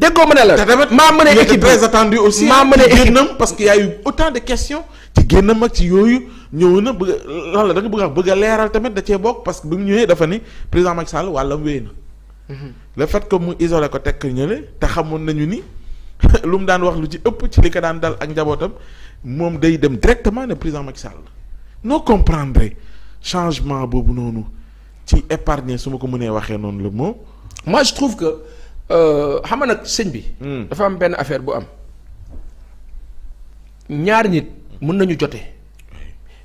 [SPEAKER 2] déggoo ma ne la. maa mën a équipe très attendu aussi. maa mën a équipe parce que y a eu autant de questions. ci génnam ak ci yooyu ñëw na bëgg lan la da nga bëgg a bëgg a leeral tamit da cee bokk parce que bu mu ñëwee dafa ni président Macky Sall wàllam wéy na. Mhm. le fait que mu isolé ko tekk ñële te xamoon nañu ni lu mu daan wax lu ci ëpp ci li ko daan dal ak njabootam moom day dem directement ne président Macky Sall noo comprendre changement boobu noonu ci épargne su ma ko mënee waxee noonu le mot. moi je trouve que. Euh, xam nga nag sëñ bi. Hmm. dafa am benn affaire bu am
[SPEAKER 1] ñaari nit mën nañu jote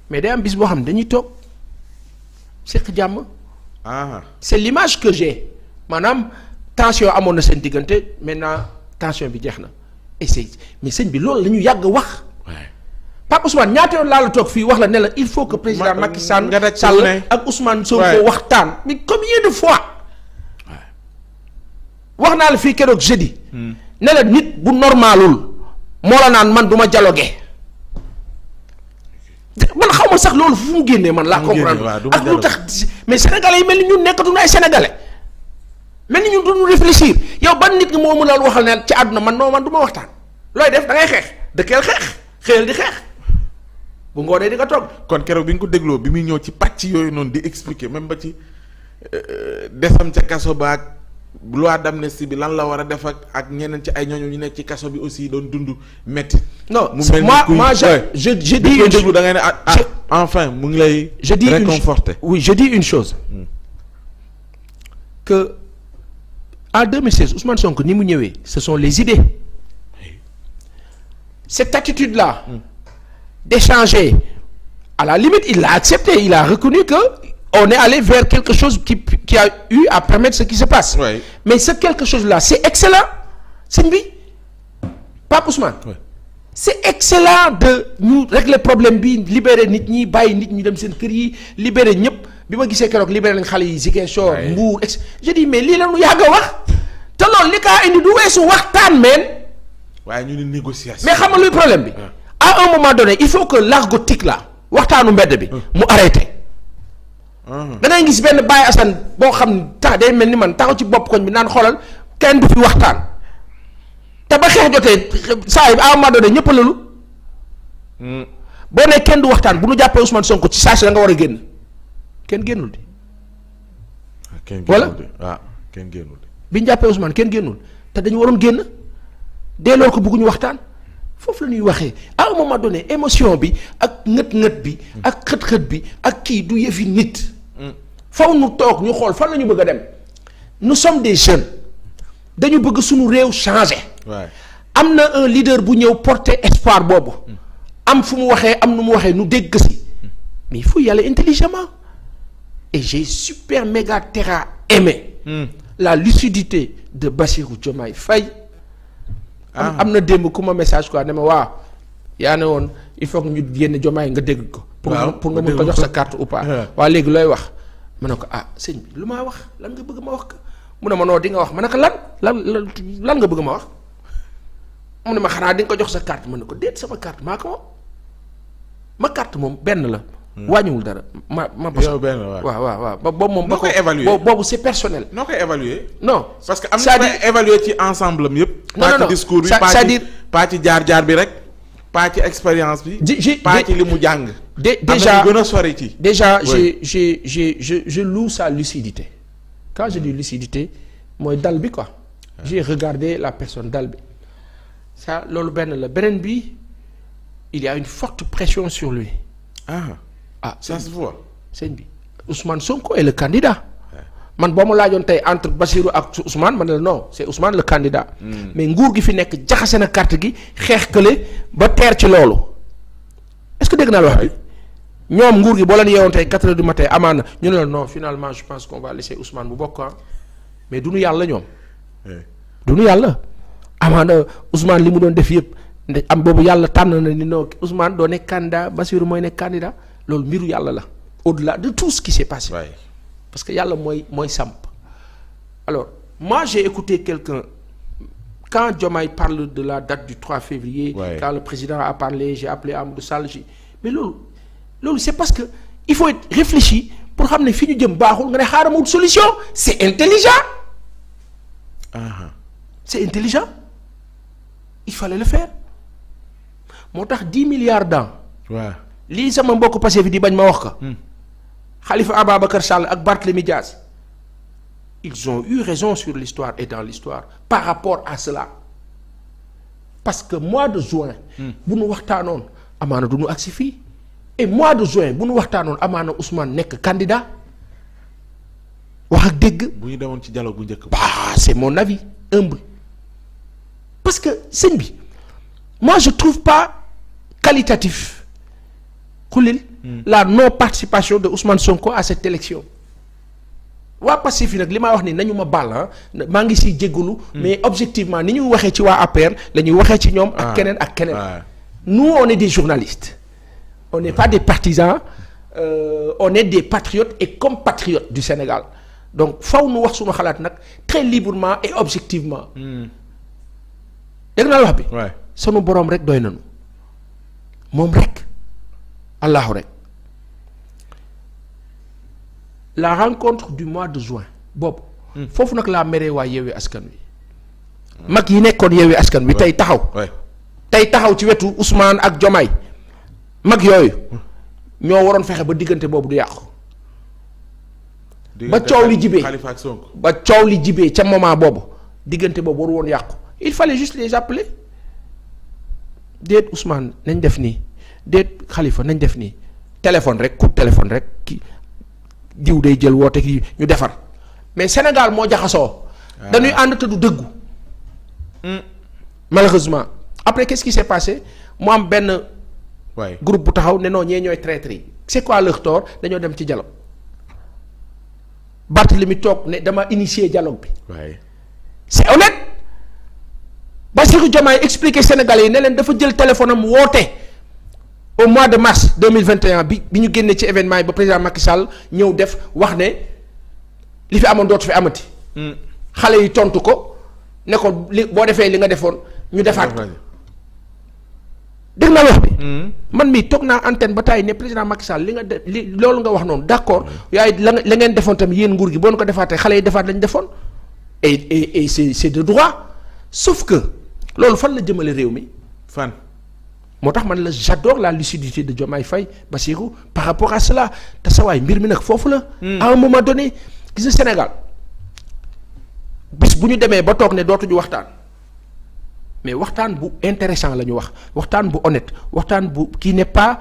[SPEAKER 1] mais de am bis boo xam ne dañuy toog seq jàmm. Ah. c'est l'image que j'ai maanaam tension amoon na seen diggante maintenant tension bi jeex na et c'est mais sëñ bi loolu la ñu yàgg wax. Pape Ousmane ñaata yoon laa la toog fii wax la ne la il faut que président Macky Sall Sall ak Ousmane Sonko waxtaan mais combien de fois. wax naa la fii keroog jeudi. ne nit bu normalul moo la naan man du ma dialogué man xaw ma sax loolu fu mu génnee man. laa
[SPEAKER 2] comprendre ak lu
[SPEAKER 1] tax mais sénégalais yi mel ni ñun nekkatuñu ay sénégalais. mel ni ñun duñu réfléchir yow ban nit nga moo mën a waxal ne ci àdduna man noo man du ma waxtaan looy def dangay ngay xeex dëkkeel xeex
[SPEAKER 2] xëyal di xeex. bu ngoonee di nga kon keroog bi nga ko dégloo bi muy ñëw ci pàcc yooyu noonu di expliquer même ba ci euh, desam ca kaso baag. loi d'amnistie bi lan la war a defak ak ak ñeneen ci ay ñooñu ñu nekk ci kaso bi aussi doon dund métti. non moi moi je je je dis une chose da ngay ne ah, ah enfin mu ngi lay. je dis réconforter oui je dis une chose. Hmm. que en 2016
[SPEAKER 1] sonk Sonko ni mu ñëwee ce sont les idées. cette attitude là. Hmm. d'échanger à la limite il l'a accepté il a reconnu que. on est allé vers quelque chose qui a eu à permettre ce qui se passe. mais ce quelque chose là c'est excellent sëñ bi Pape Ousmane. Ouais. c'est excellent de ñu régler problème bi libérer nit ñi bàyyi nit ñi dem seen kër yi libérer ñëpp bi ma gisee keroog libérer nañ xale yi Ziguinchor. Mbour ex je dis mais lii la ñu yàgg a wax. te loolu li kaa indi du weesu waxtaan meen.
[SPEAKER 2] waaye ñu ne négociation. mais xam nga luy problème bi.
[SPEAKER 1] à un moment donné il faut que l'argotique là waxtaanu mbedd bi. mu arrêté. danaa gis benn Baye Assane boo xam ne tax day mel ni man taxaw ci bopp koñ bi naan xoolal kenn du fi waxtaan te ba xeex jotee saa yi à un boo nee kenn du waxtaan bu nu jàppee Ousmane Sonko ci saa nga war a génn kenn génnul di.
[SPEAKER 2] Ah, kenn génnul di voilà ah,
[SPEAKER 1] bi ñu jàppee Ousmane génnul te dañu waroon génn dès lors que bëgguñu waxtaan. foofu la ñuy waxee à un moment bi ak ngët-ngët bi ak xët-xët bi ak kii du yëfi nit faw nu toog ñu xool fan la ñu bëgg a dem nous sommes des jeunes dañu bëgg suñu réew changer. am na un leader bu ñëw porté espoir boobu. am fu mu waxee am nu mu waxee nu dégg si. mais il faut y aller intelligemment et j'ai super méga terra aimé. Mm. la lucidité de Bassirou Diomaye Faye. Ah. am na démb ku ma message quoi ne ma waaw yaa ne woon il faut que ñu génn Diomaye nga dégg ko. pour nga pour nga mën ko jox sa carte ou pas. waaw léegi looy wax. ma ne ko ah sëñ bi lu maa wax lan nga bëgg ma wax ko mu ne ma noo di nga wax ma ne ka lan lan lan nga bëgg ma wax mu ne ma xanaa di nga ko jox sa carte man ne ko déet sama carte maa ko moom ma carte moom benn la. Hmm. wàññiwul dara ma ma. yow benn
[SPEAKER 2] waaw waaw ba boobu moom. ba ko boobu c'est personnel. noo koy évaluer. non parce que am na évaluer ci ensemble yëpp. non non non c'est-à-dire paa ci jaar jaar bi rek. pas ci expérience bi. pas ci li mu jàng. déjà gën a sori ci. déjà j'ai j'ai
[SPEAKER 1] j'ai je je loue sa lucidité quand je dis lucidité mooy dal bi quoi. j'ai regardé la personne dal bi ça loolu benn la beneen bi il y a une forte pression sur lui. ah ah bi Ousmane Sonko est le candidat. man boo ma laajoon tey entre Bassirou ak Ousmane man la non c'est Ousmane la candidat. Hmm. mais nguur gi fi nekk jaxase na kart gi xeex kële ba teer ci loolu est-ce que dégg naa la wax bi. ñoom nguur gi boo leen yeewoon tey quatre heures du matin amaana ñu ne la non finalement je pense qu'on va laisser Ousmane bu bokk mais du yàlla ñoom. Eh. du yàlla. amaana Ousmane li mu doon def yëpp nde am boobu yàlla tànn na ni non Ousmane doo nekk candidat Bassirou mooy nekk candidat loolu mbiru yàlla la au la de tout ce qui s'est passé. parce que yàlla mooy mooy samp alors moi j'ai écouté quelqu'un quand Diomaye parle de la date du 3 février ouais. quand le président a parlé j'ai am Amadou Sall ji mais loolu loolu c'est parce que il faut être réfléchi pour xam ne fi ñu jëm baaxul nga ne xaaral ma wut solution c'est intelligent ah uh-huh. c'est intelligent il fallait le faire moo tax dix milliards d'ans waaw lii sama mbokk passé bi di bañ ma wax ko hmm. Khalifa Ababacar Sall ak Barthélemy Diaz ils ont eu raison sur l'histoire et dans l'histoire par rapport à cela parce que mois de juin hmm. bu nu waxtaanoon amaana du ñu agsi fii et mois de juin bu nu waxtaanoon amaana Ousmane nekk candidat
[SPEAKER 2] wax ak dégg bu ñu demoon ci dialogue bu njëkk bah
[SPEAKER 1] c'est mon avis humble parce que sëñ bi moi je trouve pas qualitatif xulil Mm. la non participation de Ousmane Sonko à cette élection waa Pastef yi nag li maa wax ni nañu ma baal ah, maa ngi siy jéggalu mm. mais objectivement ni ñuy waxee ci waa APR la ñuy waxee ci ñoom. ak ah, keneen ak keneen. nous on est des journalistes. on n'est pas des partisans euh, on est des patriotes et compatriotes du Sénégal donc faw nu wax suma xalaat nag très librement et objectivement. Mm. dégg naa wax bi. sunu boroom rek dooy nañu moom rek. allahu rek. la rencontre du mois de juin boobu. Hmm. foofu nag laa meree waa yeewee askan wi. mag yi nekkoon yeewee askan wi tey taxaw. tey taxaw ci wetu usmaan ak Jomaay mag yooyu ñoo waroon fexe ba diggante boobu du yàqu.
[SPEAKER 2] ba coow li jibee
[SPEAKER 1] ba coow li jibee ca moment boobu diggante boobu waru woon yàqu il fallait juste les appeler déet Ousmane nañ def nii déet xalifa nañ def nii téléphone rek coup téléphone rek kii diw day jël woote kii ñu defar mais Sénégal moo jaxasoo. Ah. dañuy ànd te du dëggu. Hmm. malheureusement après qu'est-ce qui s'est passé mu am benn. waay groupe bu taxaw ne non ñee ñooy traître yi c'est quoi leur tort dañoo dem ci barte dialogue. mi toog ne dama initier dialogue bi. waay c'est honnête. Bassirou Diomaye expliqué Sénégalais yi ne leen dafa jël téléphone am woote. au mois de mars 2021 bi bi ñu génnee ci événement yi ba président Macky ñëw def wax ne li fi amoon dootu fi amati. Hmm. xale yi tontu ko ne li boo defee li nga defoon ñu defaat ko. dégg naa wax bi. Hmm. man mii toog naa antenne ba taay ne président Macky Sall li nga def li loolu nga wax noonu d' accord hmm. yaay la la ngeen defoon tamit yéen nguur gi boo nu ko defaatee xale yi defaat lañ defoon et et et c' de droit sauf que loolu fan la jëmale réew mi fan. moo tax man la j'adore la lucidité de Diomaye Faye Bassirou par rapport à cela te sa waay mbir mi nag foofu la. Hmm. à un moment donné gis nga Sénégal bis bu ñu demee ba toog ne dootuñu waxtaan mais waxtaan bu intéressant la ñu wax waxtaan bu honnête waxtaan bu qui ne pas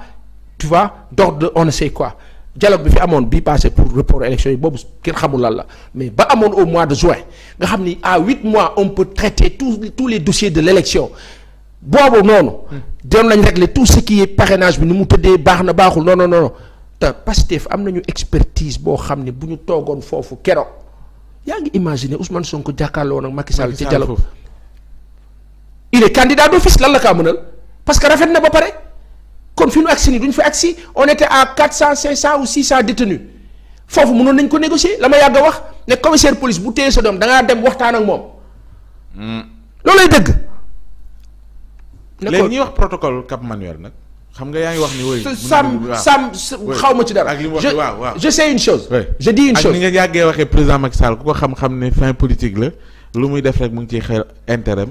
[SPEAKER 1] tu vois d'ordre on ne sait quoi dialogue bi fi amoon bi passé pour report élection yi boobu kenn xamul lan la mais ba amoon au mois de juin nga xam ni à huit mois on peut traiter tous tous les d de l'élection boobu noonu. dem lañ régler tout ce qui est parrainage bi ni mu tëddee baax na baaxul non non non te Pastef am nañu expertise boo xam ne bu ñu toogoon foofu keroog yaa ngi imaginer Ousmane Sonko jàkkaarloo woon ak Macky Sall ci dialogue il est candidat d'office lan la kaa mënal parce que rafet na ba pare kon fi ñu agsi nii du ñu fa agsi on était cent 400 500 ou 600 détenus foofu mënoon nañ ko négocier la ma yàgg a wax ne commissaire police bu téye sa doom da ngaa dem waxtaan ak moom.
[SPEAKER 2] Hmm. loolay dëgg. léegi ñuy wax protocole Cap Manuel nag. xam nga yaa ngi wax ni oui. sam sam xaw ma ci dara. ak li mu wax waaw waaw je sais une chose. je dis une chose ak ni nga yàggee waxee président Macky Sall ku ko xam-xam ne fin politique la lu muy def rek mu ngi ciy xel intérêt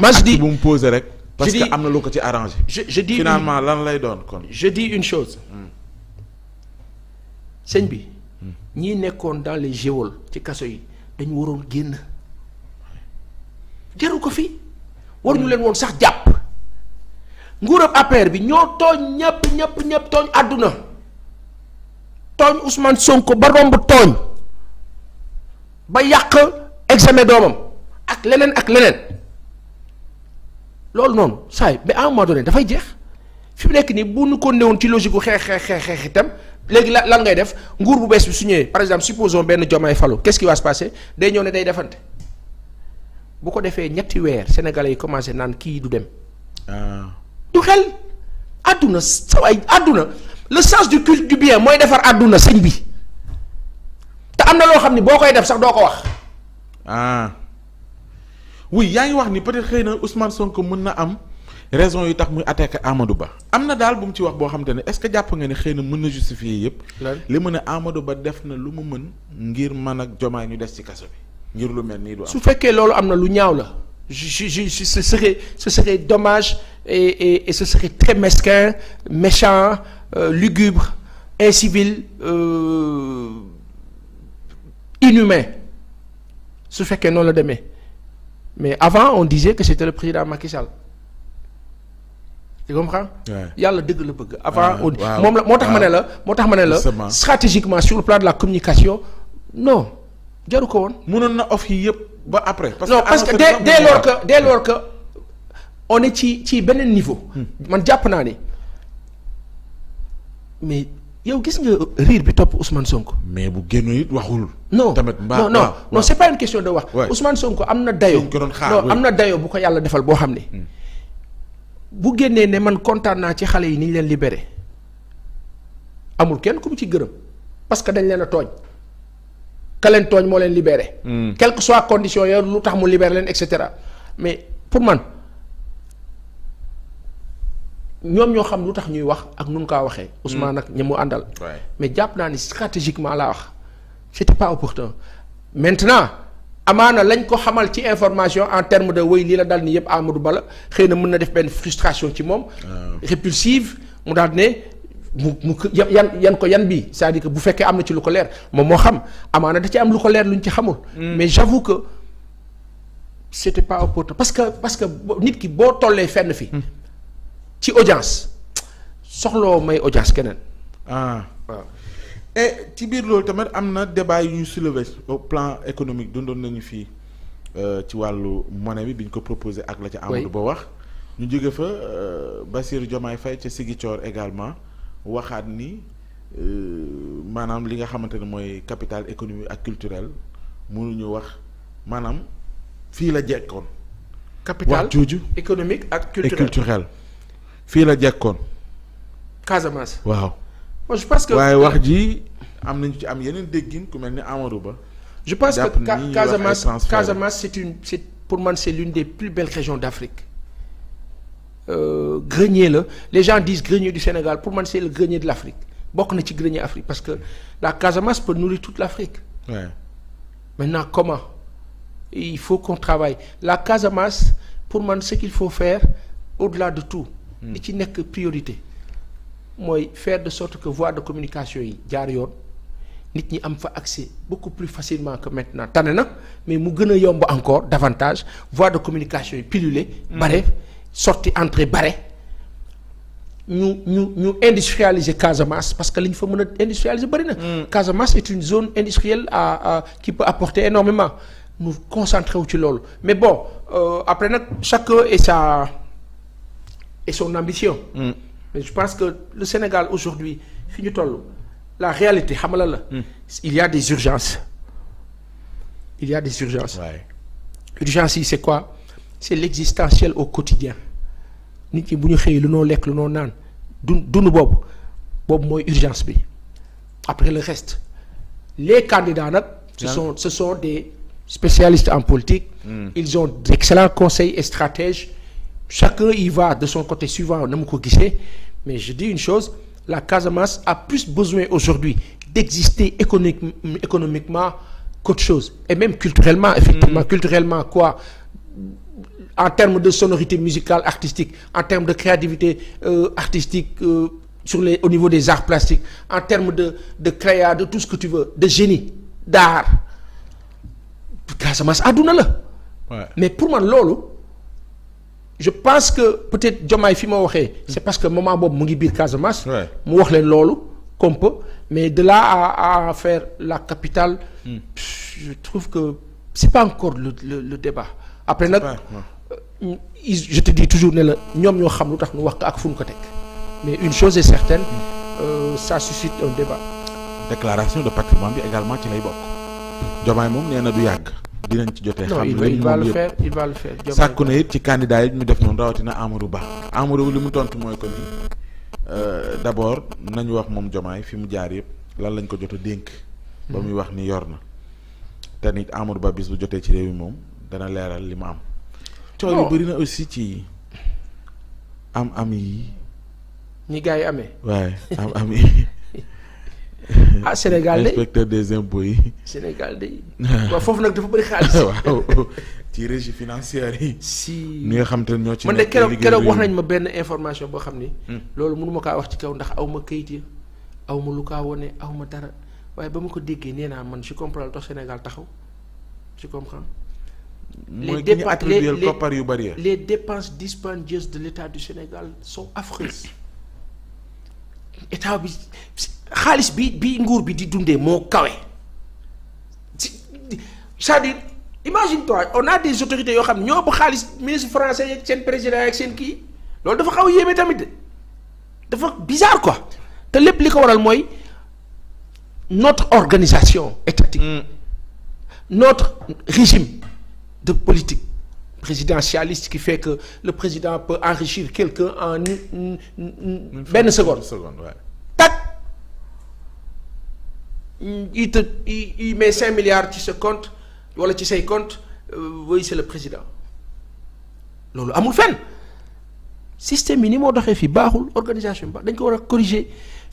[SPEAKER 2] man je dis bu mu posé rek. parce que am na lu ko ci arrangé. je je dis lan lay doon kon. je dis une chose. Hmm. sëñ bi.
[SPEAKER 1] Hmm. ñi nekkoon dans les geôles ci kaso yi dañu waroon génn. jaru ko fi waruñu leen woon sax jàpp. nguurab APR bi ñoo tooñ ñëpp ñëpp ñëpp tooñ àdduna tooñ Ousmane Sonko ba romb tooñ ba yàq examen doomam ak leneen ak leneen loolu noonu saay mais à un moment donné dafay jeex fi mu nekk nii bu ñu ko néewoon ci logique bu xeex xeex itam léegi la la ngay def nguur bu bees bi su ñëwee par exemple supposons benn jomaay falu qu'est-ce qui va se day ñëw ne day defante bu ko defee ñetti weer sénégalais yi commencé naan kii du dem. Ah. du xel àdduna sa waay àdduna le sens du culte du bien mooy defar àdduna sëñ bi te am na loo xam ni boo koy def sax doo ko wax.
[SPEAKER 2] ah oui yaa ngi wax ni peut-être xëy na Ousmane Sonko mën na am raison yi tax muy attaqué Amadou Ba. am na daal bu mu ci wax boo xam te ne est-ce que jàpp nga ne xëy na mën na justifier yëpp. li mën a Amadou Ba def na lu ma mën ngir mën ak jomaa ñu des ci kaso bi ngir lu mel nii du am. su fekkee loolu am na lu ñaaw
[SPEAKER 1] la. je, je, je, ce serait ce serait dommage et, et, et ce serait très mesquin méchant euh, lugubre incivil euh, inhumain su fekkee noonu la demee mais avant on disait que c'était le président Macky Sall tu comprends yàlla dëgg la bëgg avant on moom la moo tax ma ne la moo tax ma ne la stratégiquement sur le plan de la communication non jaru ko woon. mënoon na off yi yëpp ba après. parce que non parce que dès dès lors que dès lors ci ci beneen niveau. Hmm. man jàpp naa ne mais yow gis nga riir bi topp Ousmane Sonko. mais bu génn it waxul. tamit mbaa non non non c'est pas une question de wax. Sonko am na dayoo. non am na dayoo bu ko yàlla defal boo xam ne. Hmm. bu génnee ne man kontaan naa ci xale yi ni ñu leen libéré amul kenn ku mu ci gërëm parce que dañ leen a tooñ. ka leen tooñ moo leen libéré. Mm. quelles que soient conditions yo lu tax mu libéré leen et cetera mais pour man ñoom ñoo xam lu tax ñuy wax ak nun kaa waxee. Mm. Ousmane nag ñi mu àndal. mais jàpp naa ni stratégiquement laa wax c'était pas opportun maintenant amaana lañ ko xamal ci information en terme de wéy lii la dal ni yëpp Amadou bala xëy na mën na def benn frustration ci moom. Ah. répulsive mu daal ne. mu mu yan yan ko yan bi cest à bu fekkee am na ci lu ko leer moom moo xam amaana da ci am lu ko leer luñ ci xamul. Hmm. mais j'avoue que c'était pas opportun parce que parce que nit ki boo tollee fenn fi hmm. ci audience
[SPEAKER 2] soxloo may audience keneen. ah waaw. ci biir loolu tamit am na débat yu ñu soulevé au plan économique dundoon nañu fii euh, ci wàllu monnaie bi bi ñu ko proposé ak la ca. Amadou Ba wax ñu jóge fa euh, Bassirou Diomaye fay ca Ziguinchor également. waxaat ni euh, maanaam li nga xamante ne mooy capital économique ak culturel mënuñu wax maanaam fii la jekkoon. capital économique ak culturel fii la jekkoon. Casamance. waaw. moi je pense que waaye wax ji am nañu ci am yeneen déggin ku mel ni Amadou Ba. je pense que Casamance Casamance c'est une c'est pour man
[SPEAKER 1] lu l'une des plus belles régions d'Afrique. euh, grenier la les gens disent grenier Sénégal pour man c'est le grenier de l'Afrique bokk na ci grenier Afrique parce que la Casamance peut nourrir toute l'Afrique ouais. maintenant comment il faut qu'on la Casamance pour man ce qu'il faut faire au-delà de tout hmm. li ci nekk priorité mooy faire de sorte que voie de communication yi jaar yoon nit ñi am fa accès beaucoup plus facilement que maintenant tane na mais mu gën a yomb encore davantage voie de communication yi pilule hmm. bare sorti entrée bare ñu ñu ñu industrialiser Casamance parce que li ñu fa mën a industrialiser bëri na. Mm. Casamance et une zone industrielle à, à qui peut apporter énormément nous concentrer wu ci loolu mais bon euh, après nag chaque et sa et son ambition. Mm. mais je pense que le Sénégal aujourd'hui fi ñu toll la réalité xam la la. Mm. il y des urgences il y a des urgences. Ouais. urgence yi c'est quoi c'est l'existentiel au quotidien. nit ñi bu ñu xëyee lu noo lekk lu noo naan du dund boobu boobu mooy urgence bi après le reste les candidats nag ce sont des spécialistes en politique mm. ils ont d'excellents conseils et stratèges chacun y va de son côté suivant na mu ko gisee mais je dis une chose la Casamance a plus besoin aujourd'hui d'exister économiquement qu'autre chose et même culturellement effectivement hmm. culturellement quoi en terme de sonorité musicale artistique en termes de créativité euh, artistique euh, sur les au niveau des arts plastiques en terme de de créa de tout ce que tu veux de génie d'art Casamance àdduna la. mais pour man loolu je pense que peut-être Diomaye fi ma waxee. c'est parce que moment boobu mu ngi biir Casamance. mu wax leen loolu comme peu mais de là à à faire la capitale. Mm. je trouve que c'est pas encore le le, le débat après nag. je te dis toujours ne la ñoom ñoo xam lu tax nu wax ko ak fu ñu ko teg
[SPEAKER 2] mais une chose est certaine
[SPEAKER 1] euh, ça suscite un débat.
[SPEAKER 2] déclaration de patrimoine bi également ci lay bokk. Diomaye moom nee na du yàgg. dinañ ci jotee xam ne il va le faire il it ci candidat yi def noonu rawatina Amadou Ba. Amadou li mu tontu mooy ko ni euh, d'abord nañu wax moom Diomaye fi mu jaar yëpp lan lañ ko jot dénk. ba muy wax ni yor na. te nit Amadou Ba bis bu jotee ci réew yi moom dana leeral li mu am. coow yu bëri na aussi ci am am yi
[SPEAKER 1] ñi gaa yi ame waaye am am yi
[SPEAKER 2] ah Sénégal de des impôts yi
[SPEAKER 1] Sénégal de waaw foofu nag dafa bari xaalis waaw
[SPEAKER 2] ci régie financière yi si ñi nga xam te ñoo ci man de keroog keroog wax nañ
[SPEAKER 1] ma benn information boo xam ni hmm. loolu mënu ma kaa wax ci kaw ndax aw ma kayit ya aw ma lu kaa wone aw ma dara waaye ba ma ko déggee nee naa man je comprends lu tax Sénégal taxaw je comprends
[SPEAKER 2] les dépenses les les, les
[SPEAKER 1] dépenses dispendieuses de l'État du Sénégal sont affreuses état bi xaalis bi bi nguur bi di dundee moo kawe c'est-à-dire imagine-toi on a des autorités yoo xam ne ñoo ba xaalis ministre français yeeg seen président yeeg seen kii loolu dafa xaw a yéeme tamit dafa bizarre quoi te lépp li ko waral mooy notre organisation étatique mm. notre régime de politique présidentialiste qui fait que le président peut enrichir quelque en benn seconde tac il te il met cinq milliards ci sa compte wala ci say compte euh, oui c'est le président loolu amul fen système yi ni moo doxee fii baaxul organisation ba dañ ko war a corriger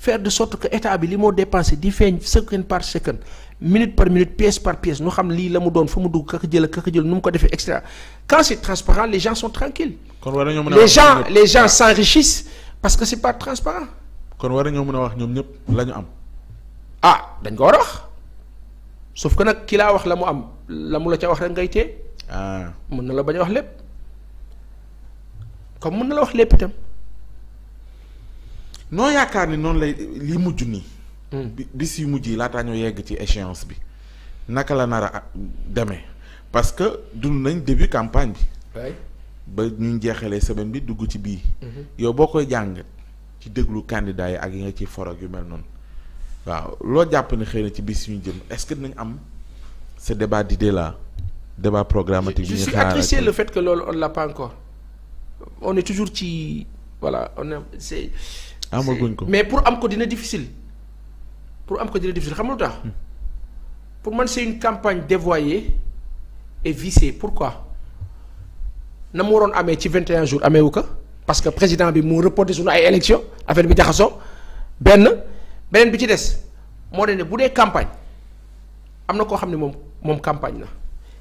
[SPEAKER 1] faire de sorte que état bi li moo dépensé di feeñ seconde par seconde minute par minute pièce par pièce ñu xam lii la mu doon fa mu dugg kaka jël kaka jël nu mu ko defee etc quand c'est transparent les gens sont tranquilles
[SPEAKER 2] les gens les gens
[SPEAKER 1] s'enrichissent parce que c'est pas transparent
[SPEAKER 2] kon war nañoo mën a wax ñoom ñëpp la am ah dañ ko war a wax
[SPEAKER 1] sauf ko nag ki laa wax la mu am la mu la ca wax rek ngay tee ah. mën na la bañ a wax
[SPEAKER 2] lépp comme mun na la wax lépp itam noo yaakaar ni noonu lay li mujj nii Hmm. bi bis yu mujj yi laataa ñoo yegg ci échéance bi naka la nar a demee parce que dund nañ début campagne bi. ba ñu jeexalee semaine bi dugg ci bii. Hmm. yow boo koy jàng ci déglu candidat yi ak yi nga ci forog yu mel noonu waaw loo jàpp ne xëy na ci bis yu ñu jëm est-ce am ce débat d'idée là débat programmatique. bi ñu xaar le
[SPEAKER 1] fait que loolu on l'a pas encore toujours ci voilà on est c'est
[SPEAKER 2] amaguñ ko mais
[SPEAKER 1] pour am ko dina difficile. pour am ko di dina difficile xam lu tax pour man c'est une campagne dévoyée et viciée pourquoi na mu waroon amee ci 21 jours amee wu ko parce que président bi mu reporté suñu ay élection affaire bi jaxasoo benn beneen bi ci des moo ne ne bu dee campagne am na koo xam ne moom moom campagne na.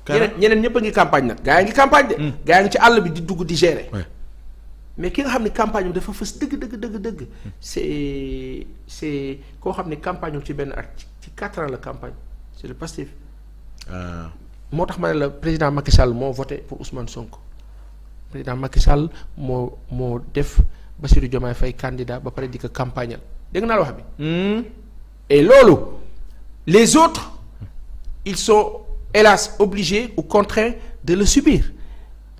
[SPEAKER 1] ñeneen ñeneen ñëpp a ngi campagne na gaa yi ngi campagne de. Hmm. gaa yi ngi ci àll bi di dugg di gérer. mais ki nga xam ne campagne bi dafa fës dëgg dëgg dëgg dëgg c'est c'est koo xam ne campagne ci benn at ci quatre ans la campagne c'est le Pastef ah. moo tax ma ne la président Macky Sall moo voté pour Ousmane Sonko président Macky moo moo def Bassirou Diomaye fay candida ba pare di ko campagnal dégg naa la wax bi hmm. et loolu les autres ils sont hélas obligés ou contraints de le subir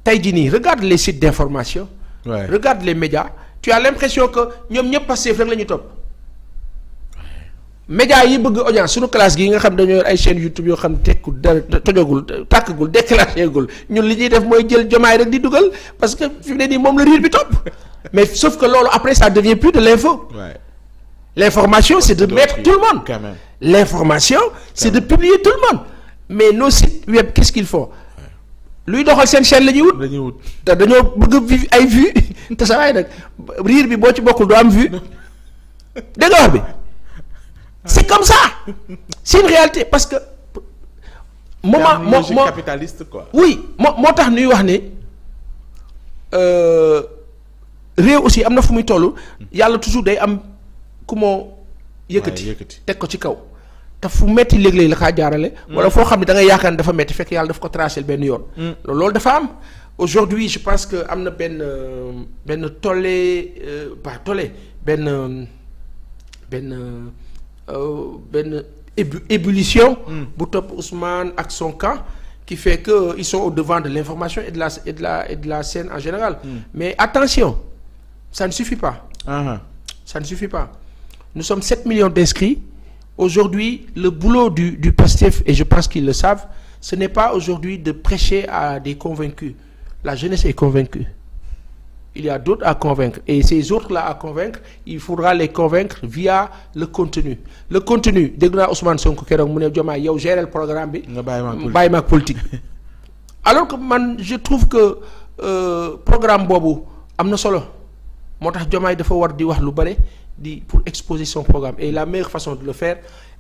[SPEAKER 1] tey jii nii regarde les sites d'information Ouais. regarde les médias tu as l'impression que ñoom ñëpp Pastef rek la ñuy topp. médias yi bëgg audience suñu classe gi nga xam dañoo ay chaîne YouTube yoo xam tekkul dara tojagul tàkkagul déclenchégul ñun li ñuy def mooy jël jomaay rek di dugal parce que fi mu ne nii moom la riir bi topp mais sauf que loolu après ça devient plus de l'info ouais. l'information c'est de mettre tout le monde l'information c'est de publier tout le monde mais no sites web qu'est-ce luy doxal seen chaîne la ñuy wut. dañuy wut te dañoo bëgg ay vues te sa waay nag riir bi boo ci bokkul du am vue dégg nga bi ah. c'est comme ça c'est une réalité parce que. moment moo moo quoi. oui moo moo tax nuy wax ni euh, réew aussi am na fu muy toll hmm. yàlla toujours day am ku moo. yëkkati teg ko ci kaw. te fu metti léeg-léeg la kaa jaarale. Mm. wala foo xam ne dangay ngay yaakaar ne dafa metti fekk yàlla daf ko tracé benn yoon. Mm. loolu dafa am aujourd'hui je pense que am na benn euh, benn tolle euh, pas benn benn euh, benn ébullition. Mm. bu topp Ousmane ak son camp. qui fait que ils sont au devant de l'information et de la et de la et la scène en général. mais attention ça ne suffit pas. Uh ah -huh. Ah. ça ne suffit pas nous sommes 7 millions d'inscrits. aujourd'hui le boulot du du et je pense qu'ils le savent ce n'est pas aujourd'hui de prêcher à des convaincus la jeunesse est convaincue il y a d'autres à convaincre et ces autres-là à convaincre il faudra les convaincre via le contenu le contenu dégg naa Ousmane Sonko keroog mu ne Diomaye yow gérer programme bi. nga bàyyi maag politique alors que man je trouve que euh, programme boobu am na solo. moo tax Diomaye dafa war di wax lu bare di pour exposition son programme et la meilleure façon de le faire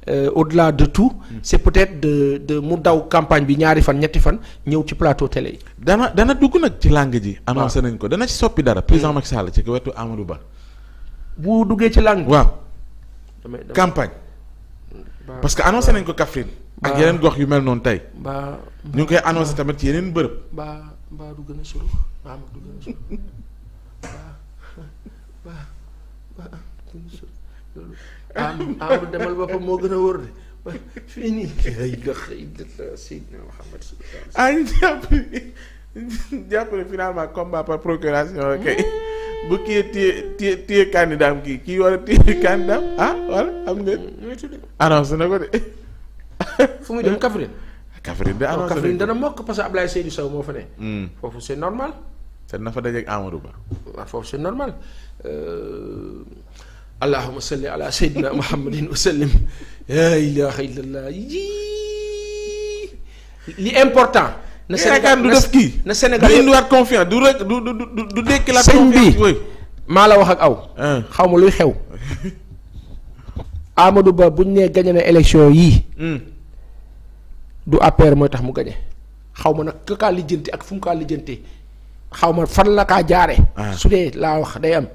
[SPEAKER 1] euh, au la de tout mm. c'est
[SPEAKER 2] peut-être de mu daw campagne bi ñaari fan ñetti fan ñëw ci plateau télé yi dana dana dugg nag ci langue ji annoncé nañ ko dana ci soppi dara mm. président Macky Sall ci wetu Amadou Ba bu duggee ci langue waaw campagne parce que annoncé nañ ko Kaffrine ak yeneen gox yu mel noonu tey ñu ngi koy annoncé tamit ci yeneen bërëb
[SPEAKER 1] baa baa du gën a solo am am demal boppam moo gën a wër de fii nii ay doxay Seydina Mouhamed ah
[SPEAKER 2] jàpp jàpp combat par procuration kay bu kii téye téye téye candidat am kii kii war a téye candidat am ah wala am ngeen. annoncé na ko de. fu muy dem Kaffrine. Kaffrine de annoncé dana
[SPEAKER 1] mokk parce que Ablaye Seydou Sow moo fa ne. Hmm. foofu c'est normal.
[SPEAKER 2] te na fa dajeeg Amadou Ba.
[SPEAKER 1] foofu c'est normal.
[SPEAKER 2] Euh,
[SPEAKER 1] allahuma salli ala sayyidina muhammadin wa sallim la ilaha illallah yii li important na Sénégal du def kii na Sénégal du indiwaat
[SPEAKER 2] confiance du rek du du du du dékki la sëñ bi maa la wax ak aw ah.
[SPEAKER 1] xaw ma luy xew Amadou Ba buñ nee gañe na élection yii hmm. du APR mooy tax mu gañe xaw ma nag ka kaa lijjanti ak fu mu kaa lijjantee xaw ma fan la kaa jaare ah. su dee laa wax day am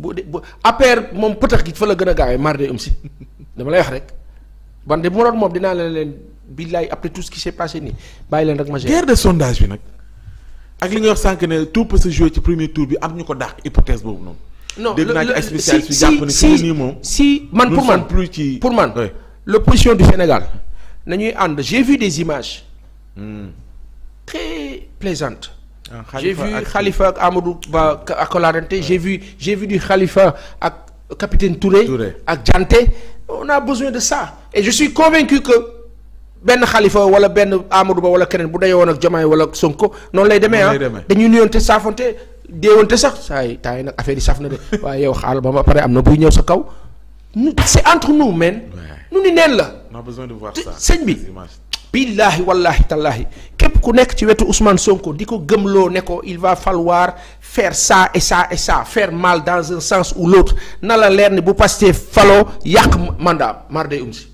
[SPEAKER 1] bu bu affaire moom pëtax gi fa la gën a gaawee mardi am si dama lay wax rek ban de bu ma doon moom dinaa leen leen billaay après tout ce qui s'est passé nii bàyyi leen rek ma. guerre de
[SPEAKER 2] sondage bi nag ak li nga wax sànq ne tout peut se jouer ci premier tour bi am ñu ko dàq hypothèse boobu noonu. non dégg naa ci spécialiste bi jàpp ne si nii moom si man pour man plus ci pour man l'opposition du Sénégal
[SPEAKER 1] nañuy ànd j'ai vu des images. Hmm. très plaisantes.
[SPEAKER 2] ah, xalifa
[SPEAKER 1] vu ak Amadou Ba hmm. ak Kolarente ouais. j'ai vu j'ai ak capitaine Touré ak Dianté on a besoin de ça et je suis convaincu que benn Khalifa wala benn Amadou Ba wala keneen bu dayoo woon ak Diomaye wala Sonko noonu lay demee ah dañuy nuyoonte saafonte déewante sax saa yi temps yi nag affaire yi saf na de waaye yow xaaral ba ba pare am na buy ñëw sa kaw c'est entre nous man nu ni neen la sëñ bi billaahi wallaahi tallaahi képp ku nekk ci wetu Ousmane Sonko di ko gëmloo ne ko il va falloir faire ça et ça et ça faire mal dans un sens ou l'autre nala leer ni bu Pastef faloo yàq mandat mar day si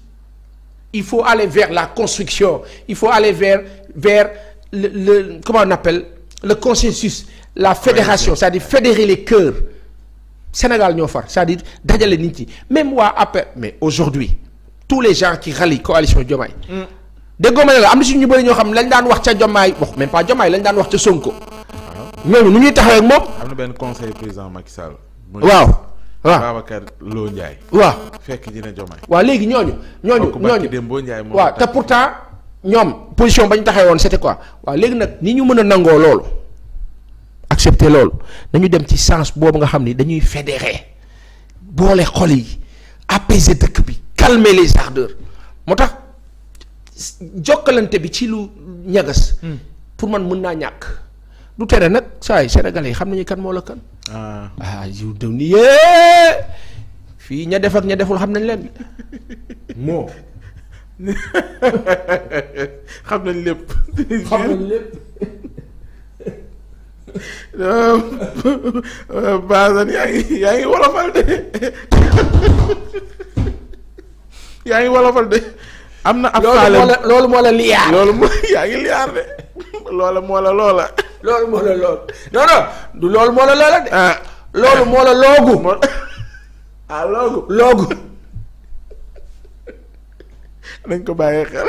[SPEAKER 1] il faut aller vers la construction il faut aller vers vers le le comment on appelle le consensus la fédération c'est-à-dire fédérer les cœurs Sénégal ñoo far cest dire dajale nit yi même waa APR mais aujourd'hui tous les gens qui rallient coalition Diomaye mm. déggoo ma ne la am na si ñu bëri ñoo xam lañ daan wax ca Jomaay wax même pas Jomaay lañ daan wax ca Sonko. waaw ñooñu nu ñuy taxawee ak moom.
[SPEAKER 2] am na benn conseil président Macky Sall. waaw waaw Babacar waa Ndiaye. waaw fekk dina Jomaay. waaw léegi ñooñu. ñooñu ñooñu waaw
[SPEAKER 1] te pourtant ñoom position bañ taxee woon c'était quoi waaw léegi nag ni ñu mën a nangoo loolu. accepter loolu na ñu dem ci sens boobu nga xam ni dañuy fédérer boole xol yi apaiser dëkk bi calmer les ardeurs moo tax. jokkalante bi ci lu ñagas. Hmm. pour man mën naa ñàkk. du tere nag saa yi sénégalais yi xam nañu kan moo la kan. ah, ah yu dëw ni yee fii ña def ak ña deful xam nañ leen
[SPEAKER 2] moo. xam nañ lépp. xam yaa ngi yaa ngi wolofal de yaa ngi wolofal de. am na ab faale loolu moo la liyaar loolu moo yaa ngi liyaar de loola moo la loola. loolu
[SPEAKER 1] moo la lool non du loolu moo la loola de. Ah. loolu moo la loogu.
[SPEAKER 2] ah loogu loogu. nañ ko bàyyee xel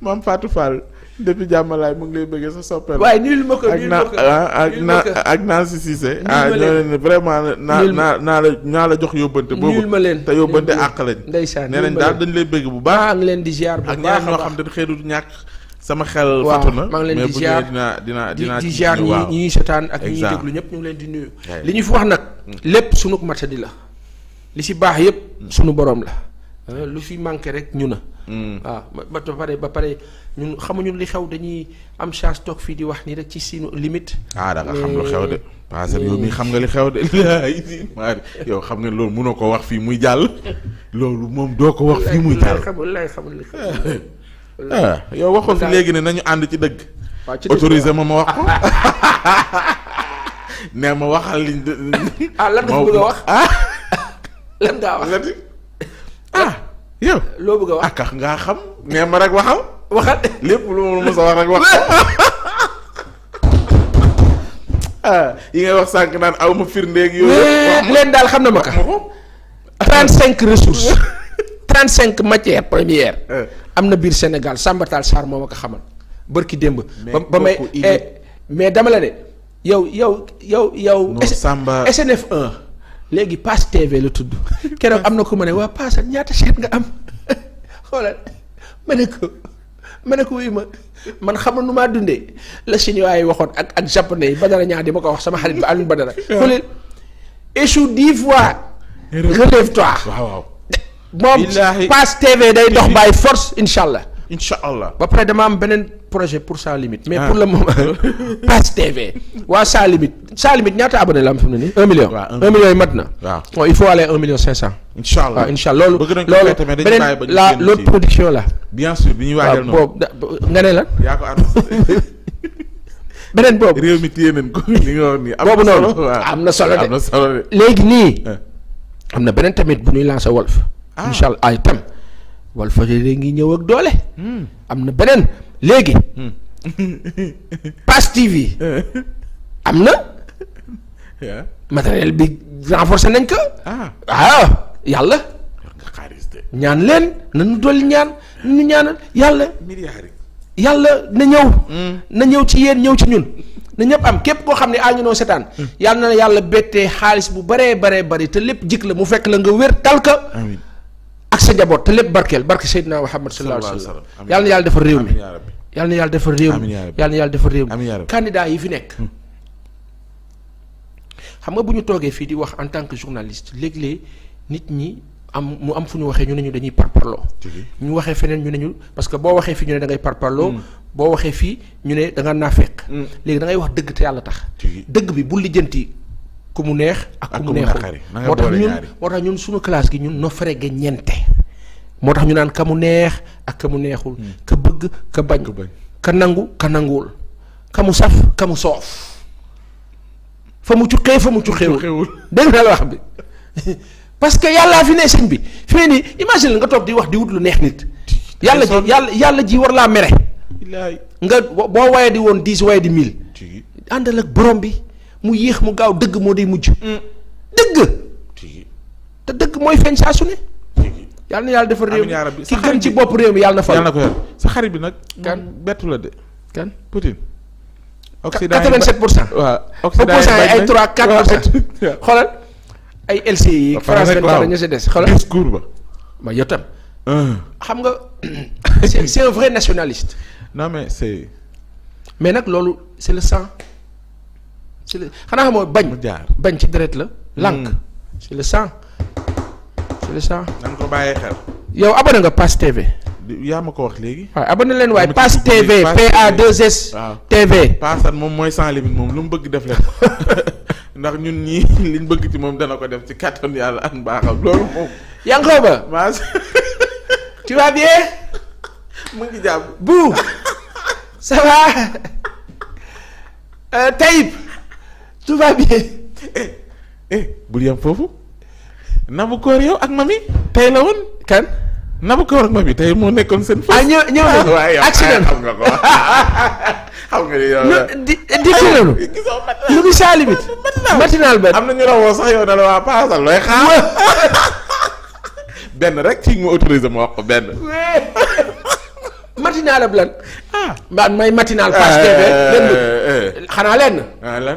[SPEAKER 2] maam Fatou Fall. depuis jàmmalaay mu ngi lay bëggee sa soppeeku. waaye nul ma ko nul ma ko ak naa ah, ak naa si Cissé. ah vraiment naa naa naa la naa la jox yóbbante. boobu ma leen te yóbbante àq lañ. ndeysaan nee nañ daal dañ lay bëgg bu baax. maa ngi leen di ziar bu ak ñaar ñoo xam ne xëy du ñàkk. sama xel fàttu na maa ngi leen di ziar mais dina dina di ziar ñi ñuy setaan ak ñi ñuy déglu ñëpp ñu leen di nuyu.
[SPEAKER 1] li ñu fi wax nag. Mm. lépp sunu di la. li si baax yëpp mm. sunu boroom la Euh, lu fi manqué rek ñu na. waaw hmm. ah, ba pare ba pare ñun xamuñu li xew dañuy am chance toog fii di wax nii rek ci sunu limite.
[SPEAKER 2] ah da xam lu xew de. Eh. parce que yow xam nga li xew de yow xam nga loolu mënoo ko wax fii muy jàll. loolu moom doo ko wax fii muy jàll.
[SPEAKER 1] wallaahi xamul
[SPEAKER 2] ah, ah, yow waxoon fi léegi ne nañu ànd ci dëgg. autorisé ma ma wax ko. nee ma waxal liñ. ah a wax. lan ngaa Ah, loo bëgg a wax ak ah, ngaa xam. nee ma rek waxal. waxal lépp lu ma mës a wax rek wax. ah yi ngay wax sànq naan aw ma yooyu. leen daal
[SPEAKER 1] xam na ma ka. trente cinq ressources. trente cinq matières premières. Eh. am na biir Sénégal Samba Tall Sarr moo ma ko xamal. bërki démb. ba ba may eh, mais dama la de yow yow yow yow. SNF léegi Pass TV la tudd keroog am na ko ma ne waa Pass ñaata chaîne nga am xoolal ma ne ko ma ne ko wuyu man xam na nu maa dundee la chinois yi waxoon ak ak japonais yi Badara ñaar di ma ko wax sama xarit bi Alioune Badara. waaw xoolal échoue dix fois. relève-toi waaw waaw. moom Pass TV day dox by force incha allah. incha allah ba pare dama am beneen projet pour Sans Limites. mais ah. pour le moment Pass TV. waa Sans Limites Sans Limites ñaata abonné la am fi mu ne nii. 1 million waaw million yi mat na. waaw il faut aller 1 million 500. incha allah waaw incha beneen la l'autre bi
[SPEAKER 2] ñuy boobu
[SPEAKER 1] nga la. yaa ko
[SPEAKER 2] boobu réew mi téye am na solo boobu noonu am na solo de. léegi nii. Ah.
[SPEAKER 1] am na beneen tamit bu ñuy lancer Walf. Ah. incha allah ay tam. wal fajiri ngi ñëw ak doole. Hmm. am na beneen léegi. Hmm. Pass TV. am na.
[SPEAKER 2] matériel bi
[SPEAKER 1] renforcé nañ ko. ah ah yàlla. ñaan leen nañu dolli ñaan ñu ñaanal yàlla. yàlla na ñëw. Hmm. na ñëw ci yéen ñëw ci ñun. na ñëpp am képp koo xam ne ah ñu noo setaan. yàlla na yàlla bettee xaalis bu baree baree bari te lépp jik la mu fekk la nga wér talka ak sa njaboot te lépp barkeel barke Seydina Muhammad sallallahu alayhi wa sallam yàlla na yàlla defar réew mi yàlla na yàlla defar réew mi yàlla na yàlla defar réew mi candidat yi fi nekk hmm. xam nga bu ñu toogee fii di wax en tant que journaliste léeg-léeg nit ñi am mu am fu ñu waxee ñu ne ñu dañuy parparloo ñu waxee feneen ñu ne ñu parce que boo waxee fii ñu ne da ngay parparloo hmm. boo waxee fii ñu ne da nga naafeq hmm. léegi da ngay wax dëgg te yàlla tax dëgg bi bu lijjanti ku mu neex ak ku mu neexul moo tax ñun moo ñun suñu classe gi ñun no frege ñente moo tax ñu naan ka mu neex ak ka mu neexul hmm. ka bëgg ka bañ ka nangu ka nanguwul ka mu saf ka mu soof fa mu cuqee fa mu cuqeewul dégg naa la wax bi parce que yàllaa fi ne sëñ bi fi nii imagine nga toog di wax di wut lu neex nit yàlla ji yàlla yàlla ji war laa mere nga boo waye di woon dix waye di mille àndal ak borom bi mu yéex mu gaaw dëgg moo day mujj. dëgg.
[SPEAKER 2] te dëgg mooy feeñ saa su ne. yàlla na yàlla defar réew mi ki gën ci bopp réew mi yàlla na fa. yàlla sa xarit bi nag. kan bettu la de. kan Poutine. Occident yi 87 pour cent. waaw Occident yi ay 3 4 pour cent.
[SPEAKER 1] xoolal ay LCI yi. France 24 ñu si des xoolal discours ba. ma tam. xam nga c'est un vrai nationaliste. non mais nag loolu c'est le sang. si xanaa xamoo bañ. bañ ci deret la. Hmm. lànk si le sang
[SPEAKER 2] si le sang. na ko bàyyee xel.
[SPEAKER 1] yow abonné nga Pass TV.
[SPEAKER 2] yaa ma ko wax léegi. waaw abonné leen waaye Pass TV PA2S. waaw TV. Passan moom mooy sans limite moom lu mu bëgg def leen ndax ñun ñii liñ bëgg ci moom dana ko def ci kattan yàlla an baaxam loolu moom. Yankoba. maa tu vas bien. mu ngi jàpp. bu ça va. Euh, Taïb. tout va bien. Eh, eh bul yem foofu nabu yow ak mami tey la woon kan. nabu ak mami tey moo nekkoon seen. ah ñëw ñëw nañu ah, waaye di di ci lu gis à limite. matinal benn am na ñu la woo sax yow ne la waa paasal looy xaar. benn rek ci ma autorisé ma wax ko benn.
[SPEAKER 1] matinal ab lan. ah may matinal. Pass TV benn xanaa lenn.
[SPEAKER 2] Ah,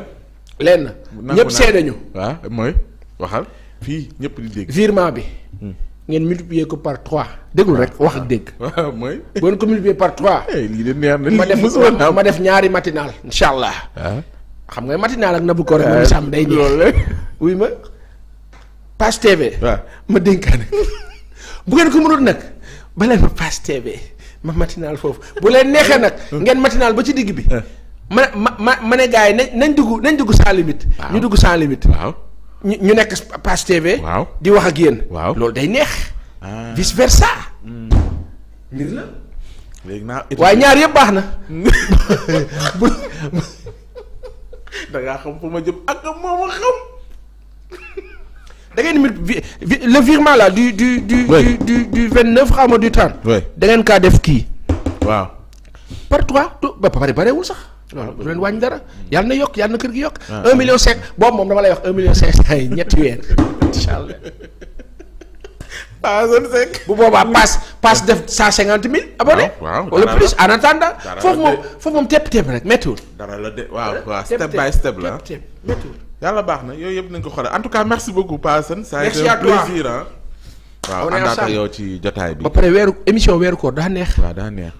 [SPEAKER 2] lenn ñëpp seede ñu. waaw mooy waxal
[SPEAKER 1] fii ñëpp di dégg. virement bi. Hmm. ngeen multiplier ko par trois. déglu rek wax ak dégg. mooy. bu ngeen ko multiplier par trois. Eh, lii de neex na ma def ma def ñaari matinal incha allah. Ah. xam nga matinal ak nabu ko eh, sàmm day neex. wuy ma Pass ma dénkaan bu ngeen ko mënoon nag bala ma Pass TV ma matinal foofu bu leen neexee nag. ngeen matinal ba ci digg bi. Eh. ma ma ma ma ne gars yi nañ nañ dugg nañ dugg sans limite. ñu dugg sans limite. ñu nekk Pass TV. di wax ak yéen. waaw loolu day neex. Ah. vice versa. mbir
[SPEAKER 2] hmm. la. léegi naa waaye ñaar yëpp baax na. da xam fu ma jëm ak moom a xam.
[SPEAKER 1] da ngeen mit le virement là du du du. du du du vingt neuf xaw ma du trente. da ngeen kaa def kii. waaw. par trois ba pare barewul sax. loolu du ah, leen wàññi dara yàlla na yokk yàlla na kër gi yokk. Ah, un ah. million cinq boobu moom dama lay wax un million cinq cent yi ñetti weer cinq. bu boobaa paas paas def cent cinquante
[SPEAKER 2] mille. abonnés wala plus en attendant. foofu moom foofu dara la de waaw waaw step by step la tepp méttiwul. yàlla baax na yooyu yëpp nañ ko xoolee en tout cas merci beaucoup Pa Assane. ça a été waaw àndaat yow ci jotaay bi. ba pare
[SPEAKER 1] weeru émission weeru koor daa neex.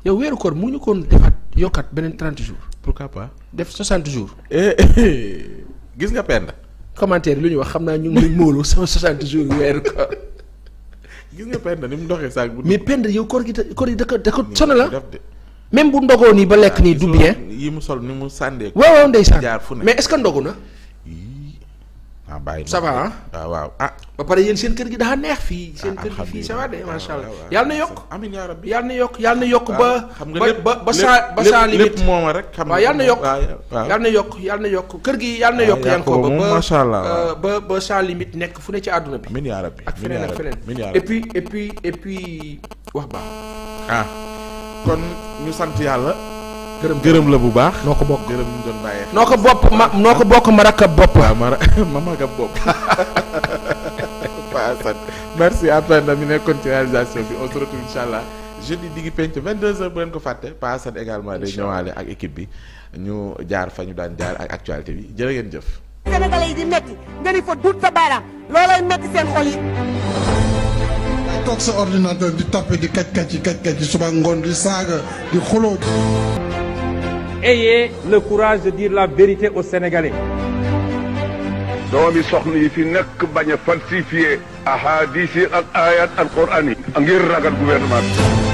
[SPEAKER 1] yow weeru koor mu ñu ko defal yokkaat beneen 30 jours. pour pourquoi pas def 60 jours. Eh, eh, gis nga penda commentaire yi lu ñuy wax xam naa ñu ngi móolu sama 60 jours weeru koor. gis nga penda ni mu doxee saag bu. mais penda yow koor gi koor gi da ko da ko sonal la. Ah. même bu ndogoo nii ba lekk nii du bien.
[SPEAKER 2] yi mu sol ni mu sàndee. waaw
[SPEAKER 1] waaw ndeysaan jaar fu mais est que ndogu na. ah bàyyi ça ah, waaw a ah. ba pare yéen seen kër gi dafa neex fii. Ah, seen kër gi fii ça va de macha allah na yokk. amiin yaa rabbi na yokk yàlla yokk ba. xam nga lépp ba ba saa ba saa limite lépp mooma rek. xam nga waaw yàlla na yokk yàlla na yokk na yokk kër gi yàlla na yokk. yan ko ba euh, ba ba saa limite nekk fu ne ci
[SPEAKER 2] àdduna bi. amiin ak feneen ak feneen. et puis et puis et puis wax baax. ah kon ñu sant yàlla. gërëm la bu baax. noo ko bokk gërëm ma noo ko bokk ma rakab bopp. waaw ma ma magab bopp. waaw merci après na mi nekkoon ci réalisation bi on se retrouve incha allah jeudi digi penc 22h bu leen ko fàtte Pa Assane également day ñëwaale ak équipe bi ñu jaar fa ñu daan jaar ak actualité bi jërë ngeen jëf.
[SPEAKER 1] Sénégalais yi di métti nga ni fa duut sa baaraam loolay métti seen xol yi.
[SPEAKER 2] toog sa ordinateur di tapé di kàcc kàcc kàcc kàcc suba ngoon di saaga di xuloo. ayez le courage de
[SPEAKER 1] la bérité aux Sénégalais. doomi soxna yi fi nekk bañ a falsifier ahadis yi ak ayat alquran yi ngir ragal gouvernement bi.